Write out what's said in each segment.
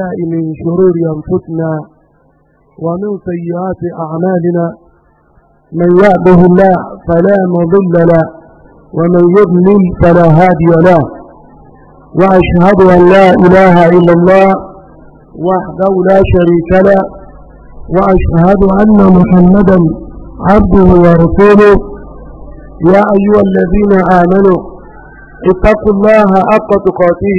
من شرور أنفسنا ومن سيئات أعمالنا من يعبه الله فلا مضل له ومن يضلل فلا هادي له وأشهد أن لا إله إلا الله وحده لا شريك له وأشهد أن محمدا عبده ورسوله يا أيها الذين آمنوا اتقوا الله حق تقاته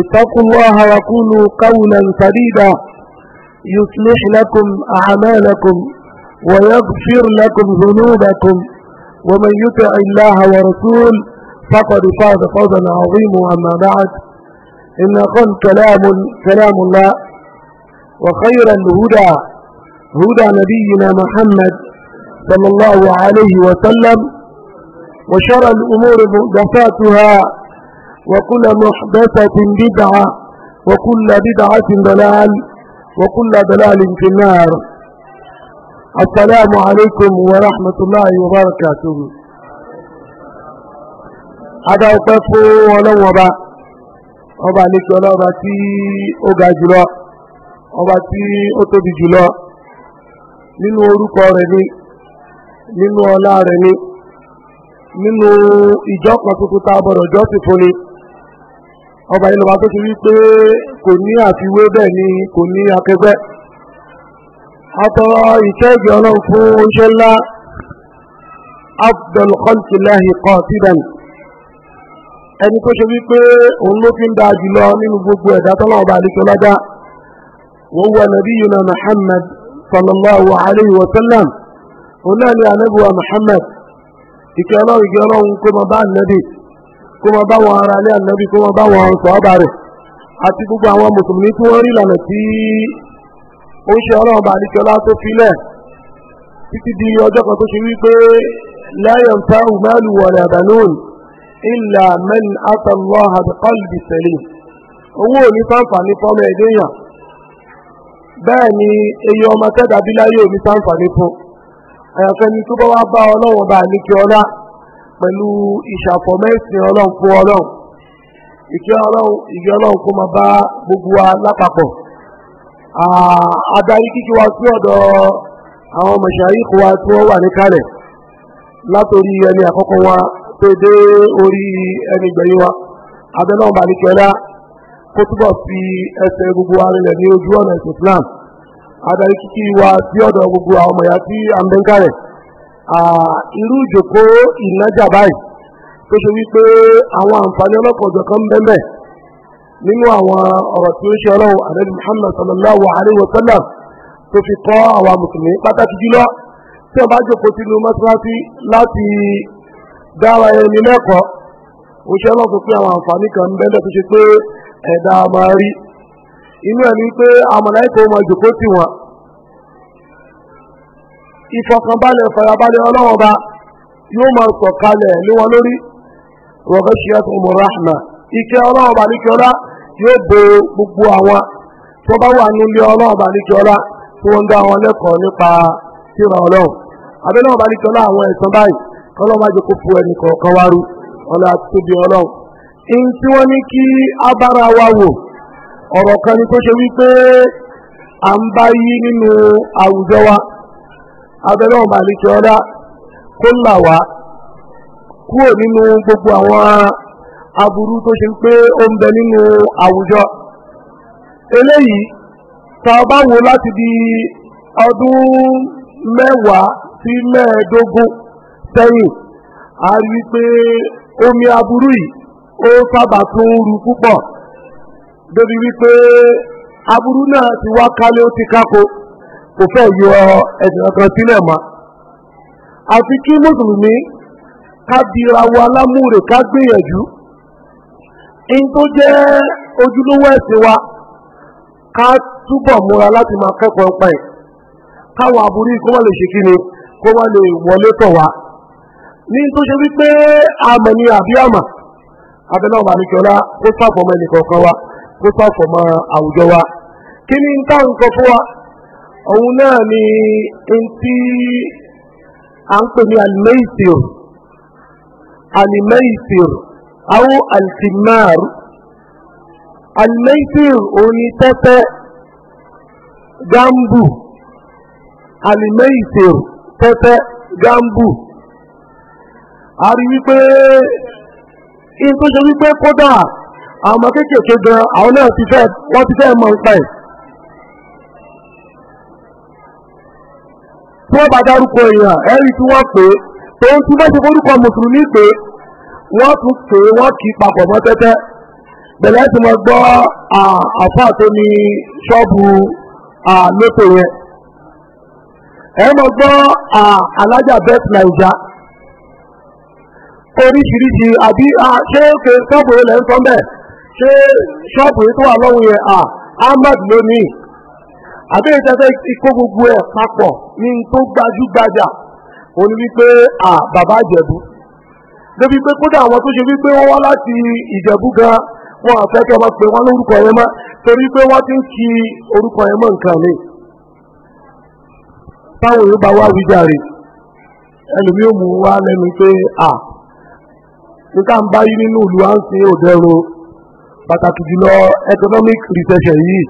اتقوا الله وقولوا قولا سديدا يصلح لكم أعمالكم ويغفر لكم ذنوبكم ومن يطع الله ورسول فقد فاز فوزا عظيما أما بعد إن قل كلام كلام الله وخير الهدى هدى نبينا محمد صلى الله عليه وسلم وشر الأمور مهدفاتها وكل محدثة بدعة وكل بدعة ضلال وكل ضلال في النار السلام عليكم ورحمة الله وبركاته هذا أتفو ولو وبا ọba àlejò ọlọ́ba tí ó ga jùlọ ọba tí ó tóbi jùlọ nínú orúkọ ni nínú ọlá rẹ̀ ni nínú ìjọ kan ọba yìí lọ́ba tó ti wí pé kò ní àfiwé bẹ́ẹ̀ ni kò ní akẹgbẹ́ atọ́rọ ìkẹ́ ìgbẹ́ ọlọ́run fún oṣẹ́ ńlá afdal khalqillahi qatidan ẹni tó ṣe wípé òun ló fi ń da jùlọ nínú gbogbo ẹ̀dá tọ́lọ́run bá àdékẹ́ lọ́dá wọ́n wọ nabiyuna muhammad sallallahu alayhi wa sallam òun náà ni anabuwa muhammad ìkẹ́ ọlọ́run ìkẹ́ ọlọ́run kó máa bá ànábì kó máa bá wọn ara lé ànábì kó máa bá wọn sọ ọ́bà rẹ̀ àti gbogbo àwọn mùsùlùmí tí wọ́n rí ìlànà tí ó ṣe ọlọ́run bá àdìsọ́lá tó filẹ̀ títí di ọjọ́ kan tó ṣe wípé lẹ́yìn tá ilà àtàlọ́ owó sáǹfààní fọ́mọ ẹ̀dẹ́yàn bẹ́ẹ̀ eyi ọmọ sáǹfààní fún àyàfẹ́ni tó bá pẹ̀lú ìṣàfọ̀mẹ́sìn ọlọ́run fún ọlọ́run ìkẹ́ ọlọ́run ìgbẹ́ ọlọ́run kó máa bá gbogbo wa lápapọ̀ adarí kíkí wa sí ọ̀dọ̀ àwọn mọ̀ṣáríkù wa tí wọ́n wà ní kalẹ̀ látòrí ẹni àkọ́kọ́ wa tó dé orí ẹni gbẹ̀yìn wa abẹ́lọ́run bá ní kẹ́lá kó túbọ̀ fi ẹsẹ̀ gbogbo wa rinlẹ̀ ní ojú ọ̀nà ìsìn Islam adarí kíkí wa sí ọ̀dọ̀ gbogbo àwọn mọ̀yá irú ìjòkó ìnájà báyìí tó ṣe wípé àwọn àǹfààní ọlọ́kọ̀ọ́jọ̀ kan bẹ́ẹ̀ nínú àwọn ọ̀rọ̀ tí ó ṣe sallallahu alayhi wa sallam tó fi kọ́ àwọn mùsùlùmí pàtàkì jùlọ tí wọ́n bá sínú láti ẹni lẹ́kọ̀ọ́ ó ṣe pé àwọn àǹfààní kan bẹ́ẹ̀ tó ṣe pé ẹ̀dá máa rí ìfọkànbalẹ̀ ìfarabalẹ̀ ọlọ́wọ́ bá yóò máa sọ̀kalẹ̀ lé wọn lórí rọ̀gẹ́sìyàtò mọ̀ráhùnà gbogbo àwọn tó bá wà nílé ọlọ́wọ́ bá níkẹ́ ọlá tí wọ́n ń dá wọn lẹ́kọ̀ọ́ nípa síra ọlọ́wọ́ abẹ́lẹ́ ọba níkẹ́ ọlá àwọn ẹ̀sán báyìí kọ́lọ́ máa jẹ́ kó wa abẹ́rẹ́ ọ̀bà àlejò ọ̀dá kó là wá kúrò nínú gbogbo àwọn aburú tó ṣe pé ó ń bẹ nínú àwùjọ eléyìí tá bá wo láti di ọdún mẹ́wàá sí mẹ́ẹ̀ẹ́dógún sẹ́yìn a rí pé omi aburú yìí ó sábà tún ru púpọ̀ débi wípé aburú náà ti wá kálé ó ti kákó. kò fẹ́ yọ ẹ̀sìn kankan sílẹ̀ mọ́ àti kí mùsùlùmí ká dira wa ká gbìyànjú in tó jẹ́ ojúlówó ẹ̀sìn wa ká túbọ̀ múra láti máa kẹ́kọ̀ọ́ pa ẹ̀ káwọn àbúrí kó má lè ṣe kíni kó lè wọlé tọ̀ wá ní tó ṣe wípé àmọ̀ ni àbí àmà abẹ́lẹ́ ọ̀bà nìkọ́lá wa kó wa kí òun náà ni n tí a ń pè ní alimeisir alimeisir awo altimar alimeisir òun ni tẹ́tẹ́ gambu alimeisir tẹ́tẹ́ gambu a rí wípé in tó ṣe wípé kódà àwọn kéékèèké gan àwọn náà ti fẹ́ wọ́n ti fẹ́ tí wọ́n bá dárúkọ èèyàn ẹ̀rí tí wọ́n pè é tòun tí wọ́n ti forúkọ mùsùlùmí pè é wọ́n tún pè é wọ́n kì í papọ̀ mọ́ tẹ́tẹ́ bẹ̀rẹ̀ tí mo gbọ́ àfáà tó ní ṣọ́ọ̀bù lóto yẹn ẹ mọ̀ gbọ́ alájà bẹ́ẹ̀ nàìjà oríṣiríṣi àbí ṣé kè ṣọ́ọ̀bù yẹn lẹ́ ń sọ bẹ́ẹ̀ ṣé ṣọ́ọ̀bù yẹn tó wà lọ́wọ́ yẹn ahmed lónìí àbí ní tó gbajúgbajà ó ní wípé à bàbá ìjẹ̀bú débi pé kódà àwọn tó ṣe wípé wọ́n wá láti ìjẹ̀bú gan wọn àfẹ́ kí ọmọ wọ́n lórúkọ yẹn mọ́ torí pé wọ́n ti ń ki orúkọ yẹn mọ́ nǹkan mi táwọn yóò bá wá ò mú wá lẹ́nu pé à níta ń báyìí nínú ìlú à ń pàtàkì jùlọ economic recession yìí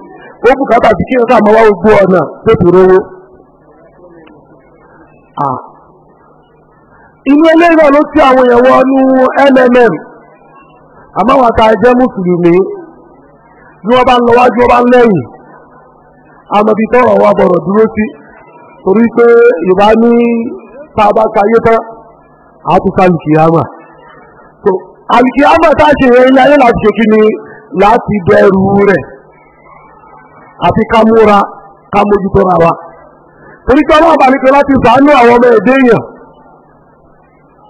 ó kí à inú eléyìí náà ló ti àwọn èèyàn wọnú mmm àmáwàta ẹjẹ́ mùsùlùmí ni wọ́n bá ń lọ́wájú wọ́n bá ń lẹ́yìn wa bọ̀rọ̀ dúró sí torí pé ìbá ní tá a bá kayé tán a tún alìkìyàmà alìkìyàmà tá a ṣe yẹn ilé ayé láti wa. torí pé ọlọ́ọ̀bà ní pé láti sàánú àwọn ọmọ ẹ̀dẹ́ èèyàn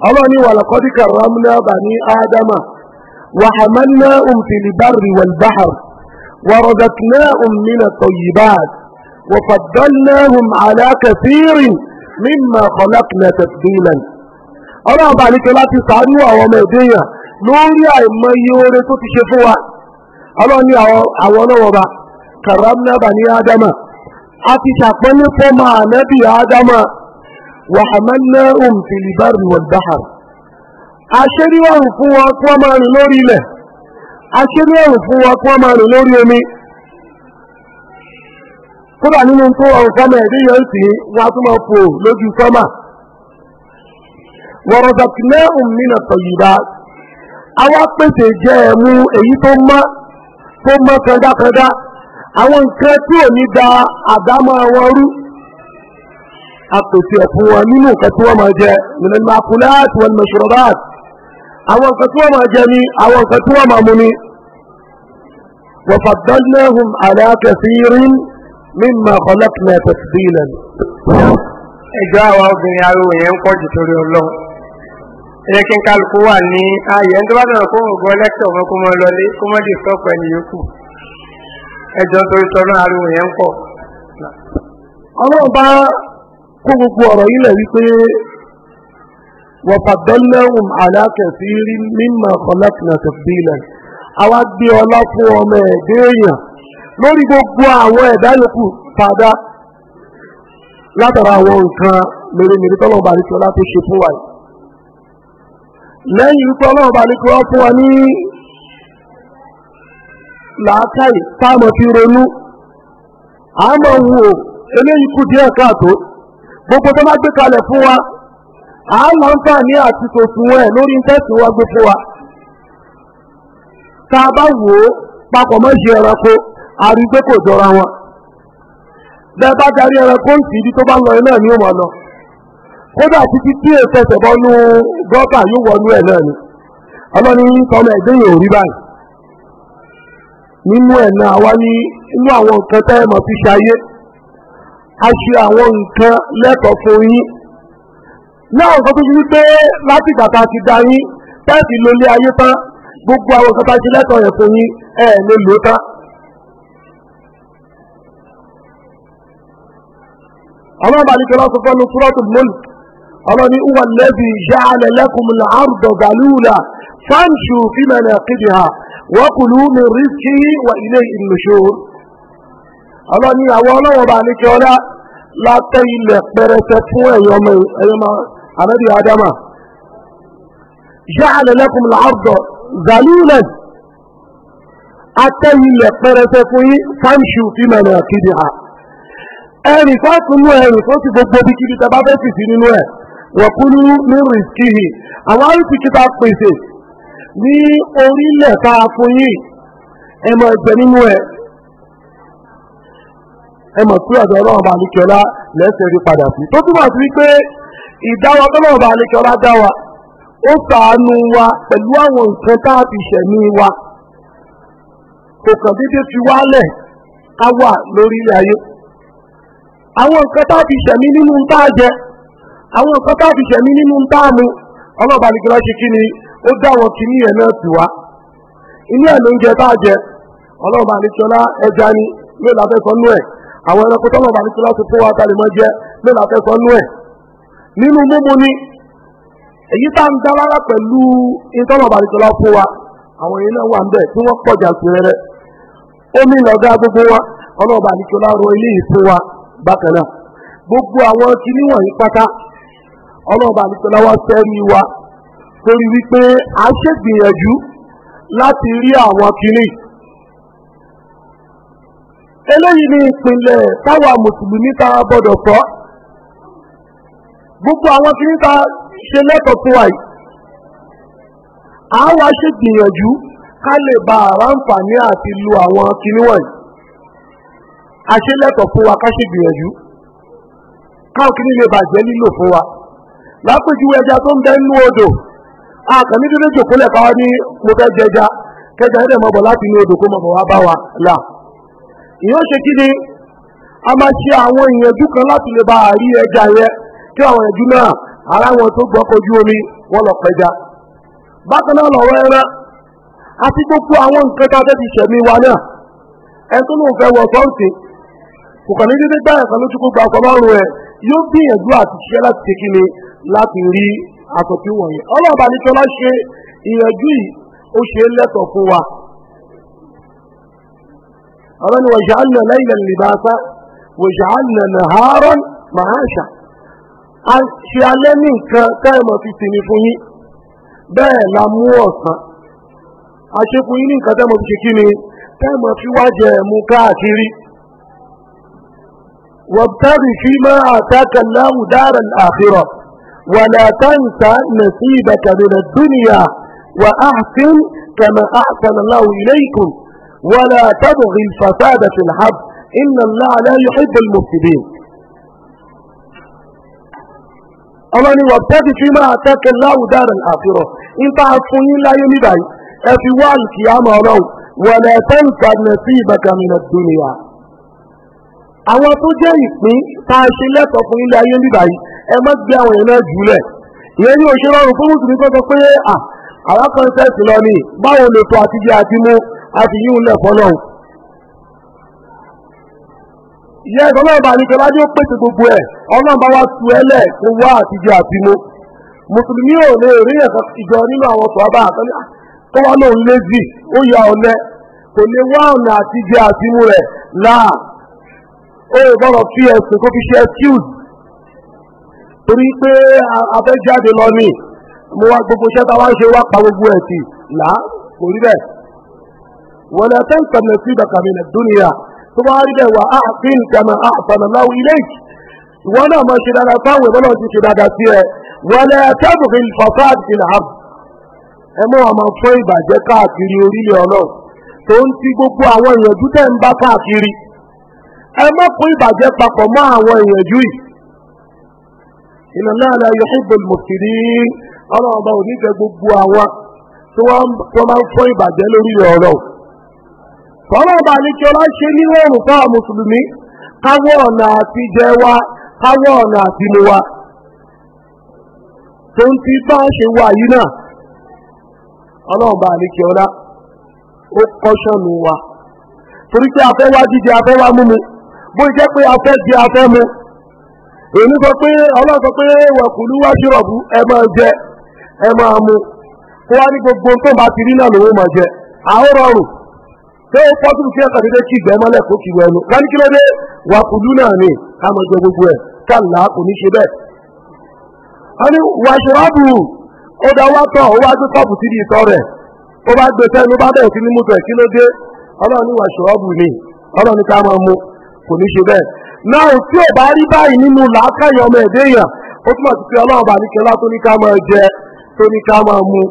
ọlọ́ọ̀ ní wàlàkọ́dí kàrámúná bani ádámà وحملناهم في البر والبحر ورزقناهم من الطيبات وفضلناهم على كثير مما خلقنا تفضيلا ọlọ́run bá àlékẹ́ láti sàánú àwọn ọmọ ẹ̀dẹ́ èèyàn lórí àìmọye oore tó ti ṣe fún wa ọlọ́run ní àwọn ọlọ́wọ́ bá kàrámúná bani ádámà a ti ṣàpọ́nlé fọ́mà ànábì ádámà wàhámánná òǹfìlìbárì wọ̀dáhà aṣẹ́rí ọ̀rùn fún wọn kí wọ́n rìn lórí ilẹ̀ aṣẹ́rí fún wọn kí wọ́n rìn lórí omi kódà nínú tó ọ̀rùn fọ́mà ẹ̀dí yẹn sì wá tún máa fò lójú fọ́mà wọ̀rọ̀dàkìnà òmìnira pèsè àwọn nǹkan tí ò ní da àdámọ́ wọn rú apèsè ọ̀fun wọn nínú nǹkan tí wọ́n máa jẹ minal makulat wal mashrubat àwọn nǹkan tí wọ́n máa jẹ ni àwọn nǹkan tí wọ́n máa mu ni. wa faddalnahum ala kathirin mimma khalaqna tafdilan. ẹjọ́ àwọn obìnrin arúgbó yẹn ń pọ̀ jù torí ọlọ́run ẹ kí n kálukú wà ní ààyè ẹni tó bá dọ̀rọ̀ kó ń gbọ́ lẹ́kítọ̀ ọmọ kó mọ lọlé kó mọ dìstọ́pù ẹni yòókù ẹjọ́ torí tọ́lọ́ ariwo yẹn ń pọ̀. ọlọ́run bá kó gbogbo ọ̀rọ̀ yìí lẹ̀ wípé wọ̀fàdọ́lẹ́hùn alákẹ̀sí rí mímọ̀ kọ́lẹ́kìnà tẹ̀sílẹ̀ àwa gbé ọlá fún ọmọ ẹ̀dẹ́ èèyàn lórí gbogbo àwọn ẹ̀dá yòókù padà látara àwọn nǹkan mèremère tọ́lọ́ọ̀bà àríkọ́lá tó ṣe fún wa yìí lẹ́yìn wípé ọlọ́ọ̀bà àríkọ́lá fún wa ní làákàyè táàmù fi ronú àmọ́ wo eléyìí kù díẹ̀ káàtó gbogbo tó Boko gbé kalẹ̀ fún wa à ń láǹfààní àti tòsùn ẹ̀ lórí tẹ́sí wa gbé fún wa tá a bá wò ó papọ̀ mọ́ ṣe ẹranko jọra wọn bẹ́ẹ̀ bá darí ẹranko ń sì ibi tó bá lọ ní lọ kódà títí tí èsẹsẹ yóò wọnú ẹ náà ni ọlọ́ni sọmọ nínú ẹ̀ náà wá ní inú àwọn nǹkan tẹ́ ẹ mọ̀ fi ṣayé a ṣe àwọn nǹkan lẹ́tọ̀ọ́ fún yín náà nǹkan tó ṣe wípé láti ìgbà tá a ti da yín tẹ́ẹ̀tì ló lé ayé tán gbogbo àwọn nǹkan tá a ṣe lẹ́tọ̀ọ́ yẹn fún yín ẹ̀ ló lò ó tán. ọlọ́run bá nìkan lọ́sọ̀ fọ́nù kúrọ́tù mọ́lù ọlọ́run ní wà lẹ́bi ìṣáálẹ̀ lẹ́kùnmùlà àrùdọ̀gàlúùlà fáǹṣù fímẹ̀lẹ̀ kéde ha. وكلوا من رزقه وإليه النشور ọlọ́run ní àwọn ọlọ́wọ́ bá ní kí ọlá látọ̀ ilẹ̀ pẹrẹsẹ fún ẹ̀yọ́mọ ànábì adama ja'ala lakum al-arda zalulan atẹ́ ilẹ̀ pẹrẹsẹ fún yín fáńṣù fi mẹ́rin àkìdì ha ẹ̀rì fásúnú ẹ̀rì tó ti gbogbo bí kiri tẹ bá fẹ́ sì sí nínú ẹ̀ wọ̀kúnú ní rìskìhì àwọn arìsìkì bá pèsè ní orílẹ̀ tá a fún yìí ẹ máa jẹ nínú ẹ̀ ẹ mọ̀ sí ọ̀dọ̀ ọlọ́run bá nìkẹ́lá lẹ́sẹ̀ rí padà sí tó túmọ̀ sí wípé ìdáwọ́ tọ́lọ́run bá nìkẹ́lá dá wa ó ṣàánú wa pẹ̀lú àwọn nǹkan tá a fi ṣẹ̀mí wa kò kàn dédé fi wálẹ̀ ká wà lórí ilẹ̀ ayé àwọn nǹkan tá a fi ṣẹ̀mí nínú ń tá a jẹ àwọn nǹkan tá a fi ṣẹ̀mí nínú ń tá a mu ọlọ́run bá nìkẹ́lá ṣe kí ni ó dá àwọn kìíní yẹn náà sí wa ilé ẹ̀ ló ń jẹ tá a jẹ ọlọ́run bá àdìsọ́lá ẹja ni sọ nú ẹ̀ àwọn ẹranko tọ́lọ̀ bá ti fún wa kalẹ̀ mọ́ jẹ mélòó la fẹ́ sọ nú ẹ̀ nínú ni èyí tá ń dálára pẹ̀lú ìtọ́lọ̀ bá fún wa àwọn náà wà ń bẹ̀ tí omi lọ́gá gbogbo wa ọlọ́run bá wa bákan gbogbo àwọn wọ̀nyí pátá ọlọ́run bá wa wa torí wípé a ṣègbìyànjú láti rí àwọn kìíní. eléyìí ni ìpìlẹ̀ táwa mùsùlùmí ta gbọ́dọ̀ sọ gbogbo àwọn kìíní ta ṣe lẹ́tọ̀ọ́ tó wà a wá ṣègbìyànjú ká lè ba àránfààní àti lu àwọn kìíní wọ̀nyí a ṣe lẹ́tọ̀ọ́ fún wa ká ṣègbìyànjú káwọn kìíní lè bàjẹ́ lílò fún wa lápèjúwe ẹja tó ń bẹ nínú odò àkàn ní dídé jòkó lẹ̀ káwá ní mo fẹ́ jẹja kẹja ẹ̀dẹ̀ mọ̀ bọ̀ láti inú odò kó mọ̀ bọ̀ wá bá wa là ìyẹn ṣe kí ni a máa ṣe àwọn ìyẹ̀dú kan láti lè bá àrí ẹja yẹ kí àwọn ìyẹ̀dú náà ara wọn tó gbọ́kọjú omi wọn lọ pẹja bákan náà lọ́wọ́ ẹran àti gbogbo àwọn nǹkan tá a fẹ́ fi ṣẹ̀mí wa náà ẹni tó lóun fẹ́ wọ sọ́ọ̀tì kò kàn ní dídé gbá ẹ̀kan lójú gbogbo àkọ́lọ́rùn ẹ̀ yóò gbìyànjú àti ṣiṣẹ́ láti ṣe kí ni láti rí àtọ̀tí wọ̀nyí ọlọ́ọ̀bà ní tọ́lá ṣe ìyànjú yìí ó ṣe lẹ́tọ̀ fún wa ọ̀rọ̀ ni waj'alna laylan libasa waj'alna naharan ma'asha a ṣe alẹ́ ní nǹkan káìmọ̀ fi sinmi fún yín bẹ́ẹ̀ la mú ọ̀sán a ṣe fún yín ní nǹkan tẹ́mọ̀ fi ṣe kí ni tẹ́mọ̀ fi wá jẹ ẹ̀mú káàkiri wabtaghi fima ataka Allahu daral ولا تنسى نصيبك من الدنيا وأحسن كما أحسن الله إليكم ولا تبغي الفساد في الحب إن الله لا يحب المفسدين أنا وابتدي فيما أتاك الله دار الآخرة إنت عفوين لا يمدعي أفوال قيام الله ولا تنسى نصيبك من الدنيا àwọn tó jẹ́ ìpín tá a ṣe lẹ́tọ̀ọ́ fún ilé ayé nígbà yìí ẹ má gbé àwọn èèyàn náà jùlẹ̀ ìyẹn ní òṣèré ọrùn fún mùsùlùmí tó sọ pé à àwọn kọ́ńtẹ́ẹ̀tì lọ ni báwo lè tó àti jẹ́ àti mú àti yíhun lẹ̀ fọ́lọ́hùn. ìyẹn ìtọ́ náà bá ní kí ọlájú pèsè gbogbo ẹ̀ ọlọ́run bá wá tu ẹ lẹ̀ kó wá àti jẹ́ àti mú. mùsùlùmí ò lè rí ẹ̀kọ́ ìjọ nínú àwọn sọ̀rọ̀ àtọ́lá tó wá lóun lézì ó ya ó bọ́rọ̀ fi ẹ̀sùn kó fi ṣe excuse torí pé abẹ́jáde lọ ní mo wá gbogbo iṣẹ́ tá a wá ń ṣe wá pa gbogbo ẹ̀ sí là kò rí bẹ́ẹ̀ wọ́n lè tẹ́ nǹkan mẹ́sì bàkàmì nà dúnìyà tó bá rí bẹ́ẹ̀ wà á fi nǹkan mẹ́ àfààní láwù ilé yìí wọ́n náà máa ṣe dáadáa sáwọn ìbọn náà ti ṣe dáadáa sí ẹ wọ́n lè tẹ́ bùkún fasad ìlà àbù mọ́ àwọn fún ìbàjẹ́ káàkiri ẹ má kún ìbàjẹ́ papọ̀ mọ́ àwọn ìyànjú yìí inna Allaha la ọlọ́run ọba gbogbo awa tí wọ́n máa ń fọ́ ìbàjẹ́ lórí ọ̀rọ̀ tọ́lọ́ ọba àníkẹ́ ọlá ṣe níwọ̀n fáwọn mùsùlùmí káwọ́ ọ̀nà àtijẹ wa káwọ́ ọ̀nà àtinú wa tó ń ti bá ṣe wà yìí náà ọlọ́run ọba àníkẹ́ ọlá ó kọ́ṣọ́nù wa torí pé afẹ́wá jíjẹ afẹ́wá bó jẹ́ pé afẹ́ jẹ afẹ́ mu èmi sọ pé ọlọ́run sọ pé wá ẹ máa jẹ ẹ máa mu kó wá ní gbogbo tó bá ti rí náà lòun máa jẹ àhórọrùn tó ń pọ́tù sí ẹ̀ka dédé kí ìgbẹ́ mọ́lẹ̀ kó ká ní kí ló dé náà ni ká máa jẹ gbogbo ẹ̀ ká là á kò ní ṣe bẹ́ẹ̀. a ní ó dá wá tọ̀ ó wá gbé kọ́ọ̀bù sí ìtọ́ rẹ̀ ó bá gbé sẹ́nu bá kò ní ṣe bẹ́ẹ̀ náà tí ò bá rí báyìí nínú làákàyè ọmọ ẹ̀dẹ́ èèyàn ó túmọ̀ sí pé ọlọ́run bá níkẹ́lá tó ní ká máa jẹ tó ní ká máa mu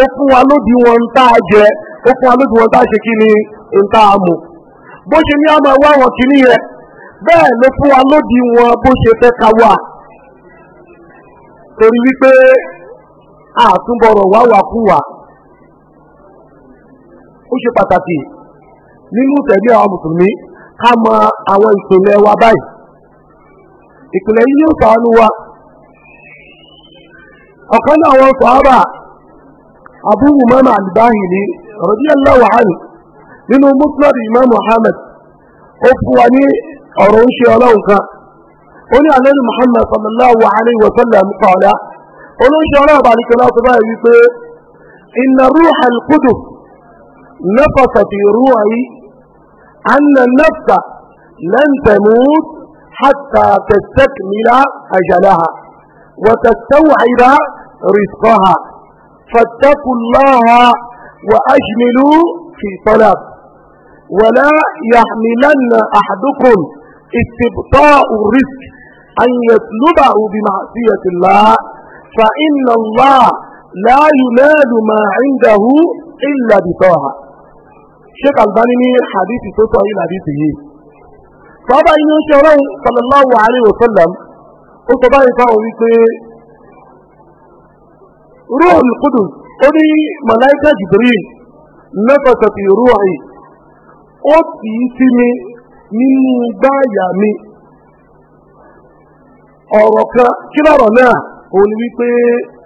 ó fún wa lódì wọn ń tá a jẹ ó fún wa lódì wọn tá a ṣe kí ni ń tá a mu bó ṣe ní a máa wá wọn kì níyẹn bẹ́ẹ̀ ló fún wa lódì wọn bó ṣe fẹ́ ká wà torí wípé àtúbọ̀rọ̀ wá wà kú wà. ó ṣe pàtàkì nínú tẹ̀lé àwọn mùsùlùmí ká mọ àwọn ìpìlẹ̀ wa báyìí ìpìlẹ̀ yìí yóò sàánú wa ọ̀kan náà wọn sọ̀hábà Abu Umama al-Bahili radiyallahu anhu nínú Musnad Imam Muhammad ó fún wa ní ọ̀rọ̀ ń ṣe ọlọ́run kan ó ní àlẹ́nu Muhammad sallallahu alayhi wa sallam qala olóṣè ọlọ́run bá nìkan láti báyìí wípé inna ruha al-qudus nafasa fi أن النفس لن تموت حتى تستكمل أجلها وتستوعب رزقها فاتقوا الله وأجملوا في طلب ولا يحملن أحدكم استبطاء الرزق أن يطلبه بمعصية الله فإن الله لا ينال ما عنده إلا بطاعة sheikh albani ní hadithi tó sọ yìí hadithi yìí sọ́ọ́bà yìí ní ó ṣe ọlọ́run sallallahu alayhi wa sallam ó sọ báyìí fáwọn wípé ruhul qudus ó ní malaika jibril nafasa fi ruhi ó tì í sí mi nínú gbáàyà mi ọ̀rọ̀ kan kí lọ́rọ̀ náà òun ni wípé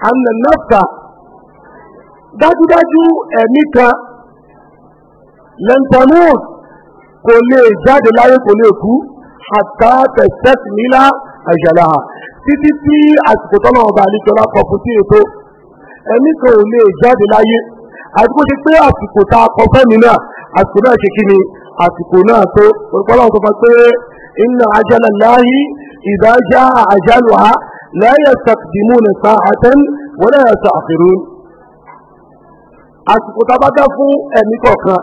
anna nafsa dájúdájú ẹ̀mí kan lẹ́ntọ́nù kò lè jáde láyé kò lè kú àtàtẹ̀sẹ̀tì nílá àjàlá títí tí àsìkò tọ́nà ọba àlejòlá kọ fún sí ètò ẹ̀mí kan ò lè jáde láyé àti kó ṣe pé àsìkò tá a kọ fẹ́mi náà àsìkò náà ṣe kí ni àsìkò náà tó olùkọ́lọ́ sọ fún pé inna ajala Allahi idha jaa ajaluha la yastaqdimuna sa'atan wa la yasta'khirun àsìkò tá bá dá fún ẹ̀mí kọ̀ọ̀kan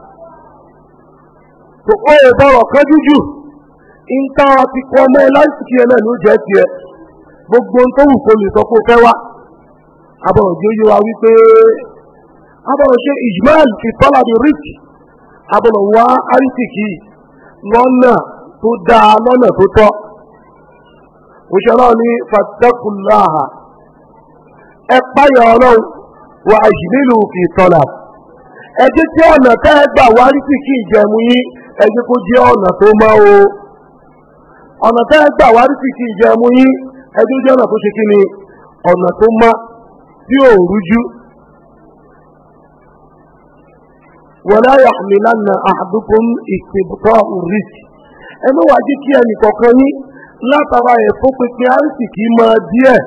tó ó ò bọ̀rọ̀ kan jújù nta ti kọ́ ọmọ ẹ láìsí tiẹ̀ náà ló jẹ́ tiẹ̀ gbogbo tó wù kó lè sọ pé ó fẹ́ wá abọ̀rọ̀ jẹ́ yé wípé abọ̀rọ̀ ṣe ijmal fi tọ́làdì rich abọ̀rọ̀ wá àrísìkì lọ́nà tó dáa lọ́nà tó tọ́ òṣèlú ní fàtẹ́kùnláhà ẹ páyà ọlọ́run wà ìṣìlélù fi tọ́làdì. ẹ jẹ́ kí ọ̀nà tẹ́ ẹ gbà wá rí kìkì ìjẹ̀mú kó jẹ́ ọ̀nà tó mọ́ o ọ̀nà tẹ́ ẹ gbà wá rí kìkì ìjẹ̀mú jẹ́ ọ̀nà tó ṣe kí ni ọ̀nà tó mọ́ tí ò rújú. wala yahmilanna ahadukum istibta'u ar-rizq ẹ wá jẹ́ kí ẹnì kọ̀ọ̀kan yín látara ẹ̀fọ́ pínpín àrísìkí díẹ̀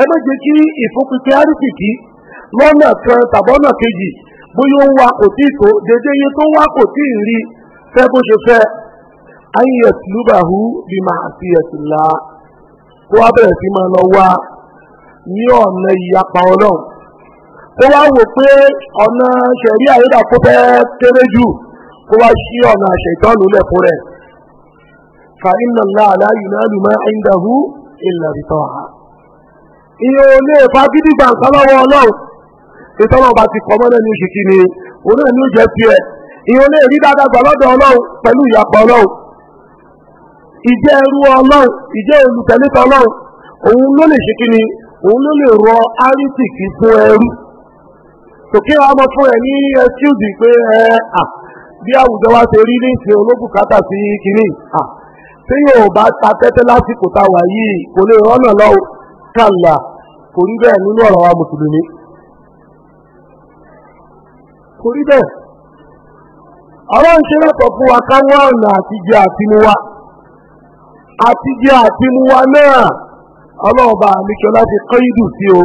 ẹ má jẹ́ kí lọ́nà kan tàbọ́nà kejì bụ ó ń wa kò tí tó dédé iye tó wá kò tí ì rí fẹ́ bó ṣe fẹ́ bí wá bẹ̀rẹ̀ sí máa lọ wá ní ọ̀nà ìyapa ọlọ́run kó wá wò pé ọ̀nà ṣẹ̀rí kó fẹ́ kéré jù kó wá ọ̀nà rẹ̀ fàínà láàlá ha. ìyẹn ò ìtọ́nà ọba ti kọ́ mọ́lẹ̀ ní oṣù kìíní òun náà ní oúnjẹ tiẹ̀ ìyẹn lè rí dáadáa gbà lọ́dọ̀ ọlọ́run pẹ̀lú ìyàpọ̀ ọlọ́run ìjẹ́ ẹrú ọlọ́run ìjẹ́ olùtẹ̀lẹ́tọ̀ ọlọ́run òun ló lè ṣe kìíní òun ló lè rọ áríṣìkì fún ẹrú tòkí fún ẹ ní ẹtíùdì pé ẹ à bí àwùjọ wa ṣe rí ní ìsìn ológun kátà sí kìíní à tí yóò bá ta tẹ́tẹ́ lásìkò tá a wà yìí kò lè rọ́nà lọ́wọ́ kàlà kò bẹ́ẹ̀ nínú ọ̀rọ̀ wa mùsùlùmí kò rí bẹ́ẹ̀ ọlọ́run ṣe lẹ́tọ̀ọ́ fún wa ká wá ọ̀nà àtijẹ àtinuwa àtijẹ àtinuwa náà ọlọ́run bá láti kọ́ ìdù sí o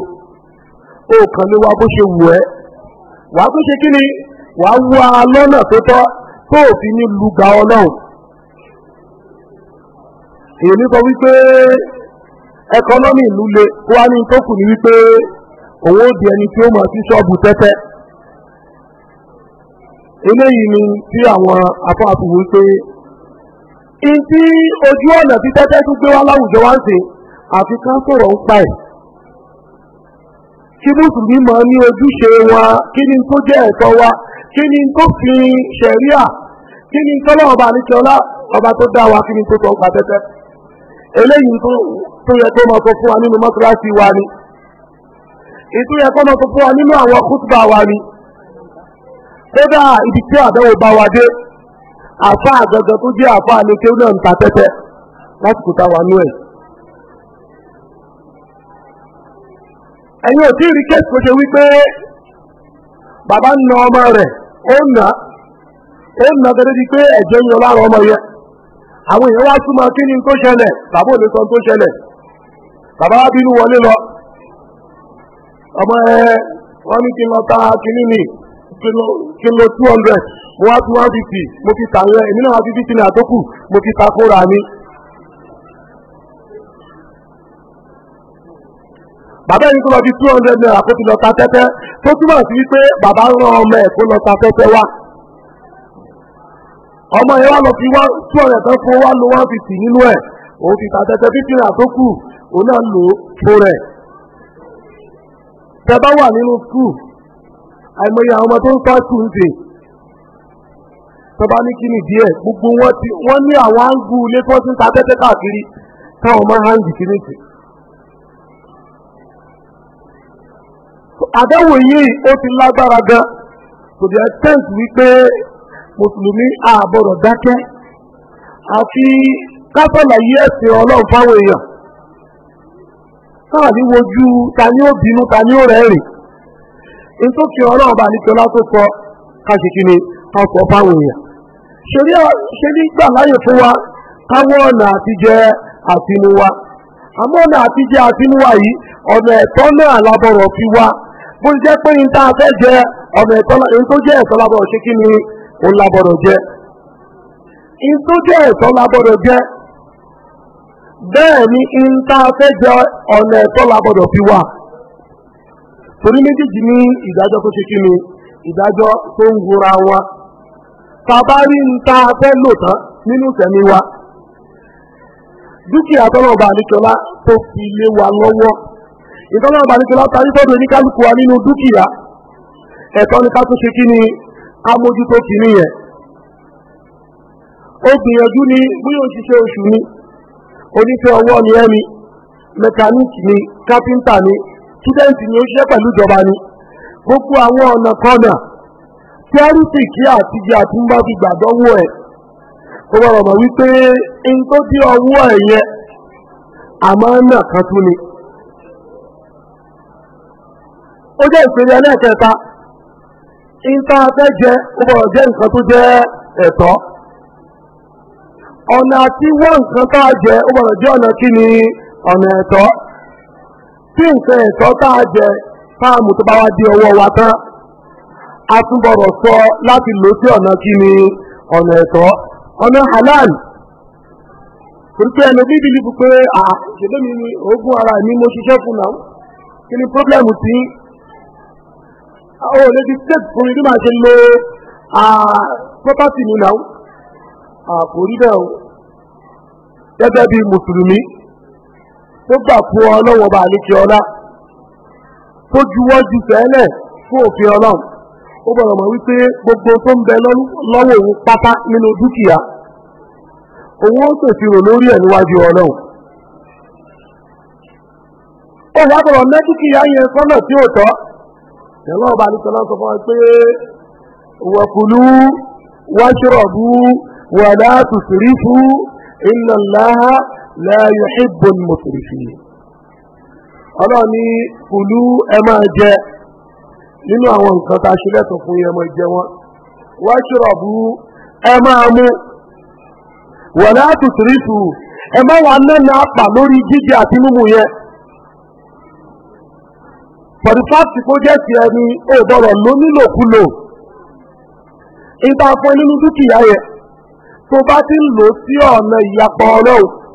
ó kàn ní wa bó ṣe wù ẹ́ wàá tó ṣe kí ni ara lọ́nà tó tọ́ fi ní lùgà ọlọ́run èyí sọ wípé ẹkọnọ́mì ìlú le wá ní tó kù ní wípé òun ó di ẹni tí ó mọ̀ sí ṣọ́ọ̀bù tẹ́tẹ́ eléyìí ni tí àwọn afáàfù wípé in tí ojú ọ̀nà tí tẹ́tẹ́ tún gbé wá láwùjọ wá ń ṣe àfi ká sọ̀rọ̀ ń pa ẹ̀ kí mùsùlùmí mọ ní ojúṣe wa kí ni tó jẹ́ ẹ̀tọ́ wa kí ni tó fi ṣẹ̀ríà kí ni tọ́lọ́ ọba àníṣọlá ọba tó dá wa kí ni tó sọ ń pa tẹ́tẹ́ eléyìí tó yẹ kó mọ sọ fún wa nínú mọ́tíráṣí wa ni ìtúyẹ kó sọ fún wa nínú àwọn kútùbà wa ni kódà ibi tí àdáwò bá wa dé àfa àgàgà tó jẹ́ àfa àlekè náà ń ta tẹ́tẹ́ lásìkò táwa nú ẹ̀. ẹ̀yin ò tí ì wípé bàbá ń na ọmọ rẹ̀ ó nà ó nà gẹ́gẹ́ bíi pé ẹ̀jẹ̀ ọmọ yẹn àwọn èèyàn wá súnmọ́ kí ni tó ṣẹlẹ̀ bàbá ò lè sọ ọmọ ẹ wọn ní kí n lọ kí two hundred mo wá fi one fifty mo fi tà yẹn èmi náà wá fifty tó kù mo fi ta fi two hundred naira kó fi lọ ta tẹ́tẹ́ tó túmọ̀ sí wípé bàbá fi wa lo one fifty nínú ẹ̀ òun fi ta tẹ́tẹ́ fifty naira tó kù òun náà lò ó fún rẹ̀. tẹ bá wà àìmọye àwọn ọmọ tó ń tọ́ sùn sí díẹ̀ gbogbo wọn ti wọ́n ní àwọn áńgù ilé tí ta tẹ́tẹ́ káàkiri táwọn máa háǹgì kíní sí. àdéhùn yìí ó ti lágbára gan kò dé extent wípé mùsùlùmí àbọ̀rọ̀ dákẹ́ ta ni ó ta ni ó nítòkè ọlọ́run ọba nítorí látó sọ káṣí kí ni fáwọn èèyàn ṣe ní gbà láyè fún wa káwọn ọ̀nà àtijẹ àtinúwa àmọ́ ọ̀nà àtinúwa yìí ọ̀nà ẹ̀tọ́ náà lábọ̀rọ̀ fi wá bó ti jẹ́ pé níta fẹ́ jẹ ọ̀nà ẹ̀tọ́ ní tó jẹ́ ẹ̀tọ́ lábọ̀rọ̀ ṣe kí ni ó lábọ̀rọ̀ ni fẹ́ jẹ ọ̀nà ẹ̀tọ́ fi wá torí méjèèjì ní ìdájọ́ tó ṣe kí ni ìdájọ́ tó ń gura wọn tàbá rí ń ta fẹ́ lò nínú tẹ̀mí wa dúkìá tọ́lọ́ọ̀bà àdìsọ́lá tó fi lé wa lọ́wọ́ ìtọ́lọ́ọ̀bà oníkálukú wa nínú dúkìá ẹ̀tọ́ ká tó ṣe kí ni amójútó yẹn sídẹ́ǹtì ni ó ṣiṣẹ́ pẹ̀lú ìjọba ni gbogbo àwọn ọ̀nà kọ́nà tíárítì kí àtijọ́ àti ń bá fi gbàdọ́wọ́ ẹ̀ tó bá rọ̀ wípé n tó dí ọwọ́ ẹ̀ yẹn àmọ́ náà kan tún ni ó jẹ́ ìpele ẹlẹ́ẹ̀kẹta ìta afẹ́ jẹ ó bọ̀rọ̀ jẹ́ nǹkan tó jẹ́ ẹ̀tọ́ ọ̀nà àti wọ́n nǹkan a jẹ ó bọ̀rọ̀ jẹ́ ọ̀nà tí nǹkan ẹ̀tọ́ tá a jẹ táàmù tó bá wá di ọwọ́ wa tán a tún gbọ́dọ̀ sọ láti lò sí ọ̀nà kí ni ọ̀nà ẹ̀tọ́ ọ̀nà halal torípé ẹni bíbí ni pé àṣèlè mi ni oògùn ara mi mo ṣiṣẹ́ fún náà kí ni pírọ́blẹ́mù tí ó lè di state fún mi bí màá ṣe lo property mi náà kò bẹ́ẹ̀ o gẹ́gẹ́ bí mùsùlùmí tó gbà fún ọlọ́wọ́ bá àlékè ọlá tó juwọ́jú fẹ́lẹ̀ fún òfin ọlọ́run ó bọ̀rọ̀ mọ̀ wípé gbogbo tó ń bẹ lọ́wọ́ òun pátá nínú dúkìá òun ó ṣèṣirò lórí ẹ̀ níwájú ọlọ́run ó bọ̀rọ̀ yẹn sọ́nà tí ó tọ́ ọba la ni al siri ọlọ́run ní ẹ máa jẹ nínú àwọn nǹkan tá a ṣe lẹ́tọ̀ fún yẹn máa wọn washrabu ẹ máa mú wala tusrifu ẹ má wà nánà àpà lórí jíjẹ àti mímu yẹn kó jẹ́ ti ẹni ó bọ̀rọ̀ ló nílòkulò fún nínú dúkìá yẹn tó bá ti ń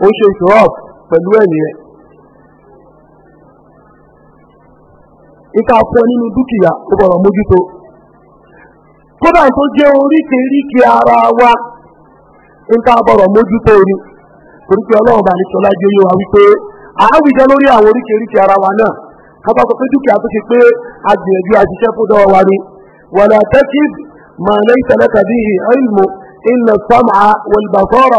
ó ṣe ìṣòrọ́ọ̀ pẹ̀lú ẹ̀mí rẹ̀. ìka fún nínú dúkìá ó bọ̀rọ̀ mójútó kódà tó jẹ́ oríkèéríkèé ara wa nǹkan abọ̀rọ̀ mójútó ni torí ọlọ́run bá ní sọlá jẹ́ yóò wípé àáwùjọ lórí àwọn oríkèéríkèé ara wa náà kápá pé dúkìá tó ṣe pé wa ni wàlá tẹ́kìd màá lẹ́yìn ìhìn ilmu inna sam'a wal basara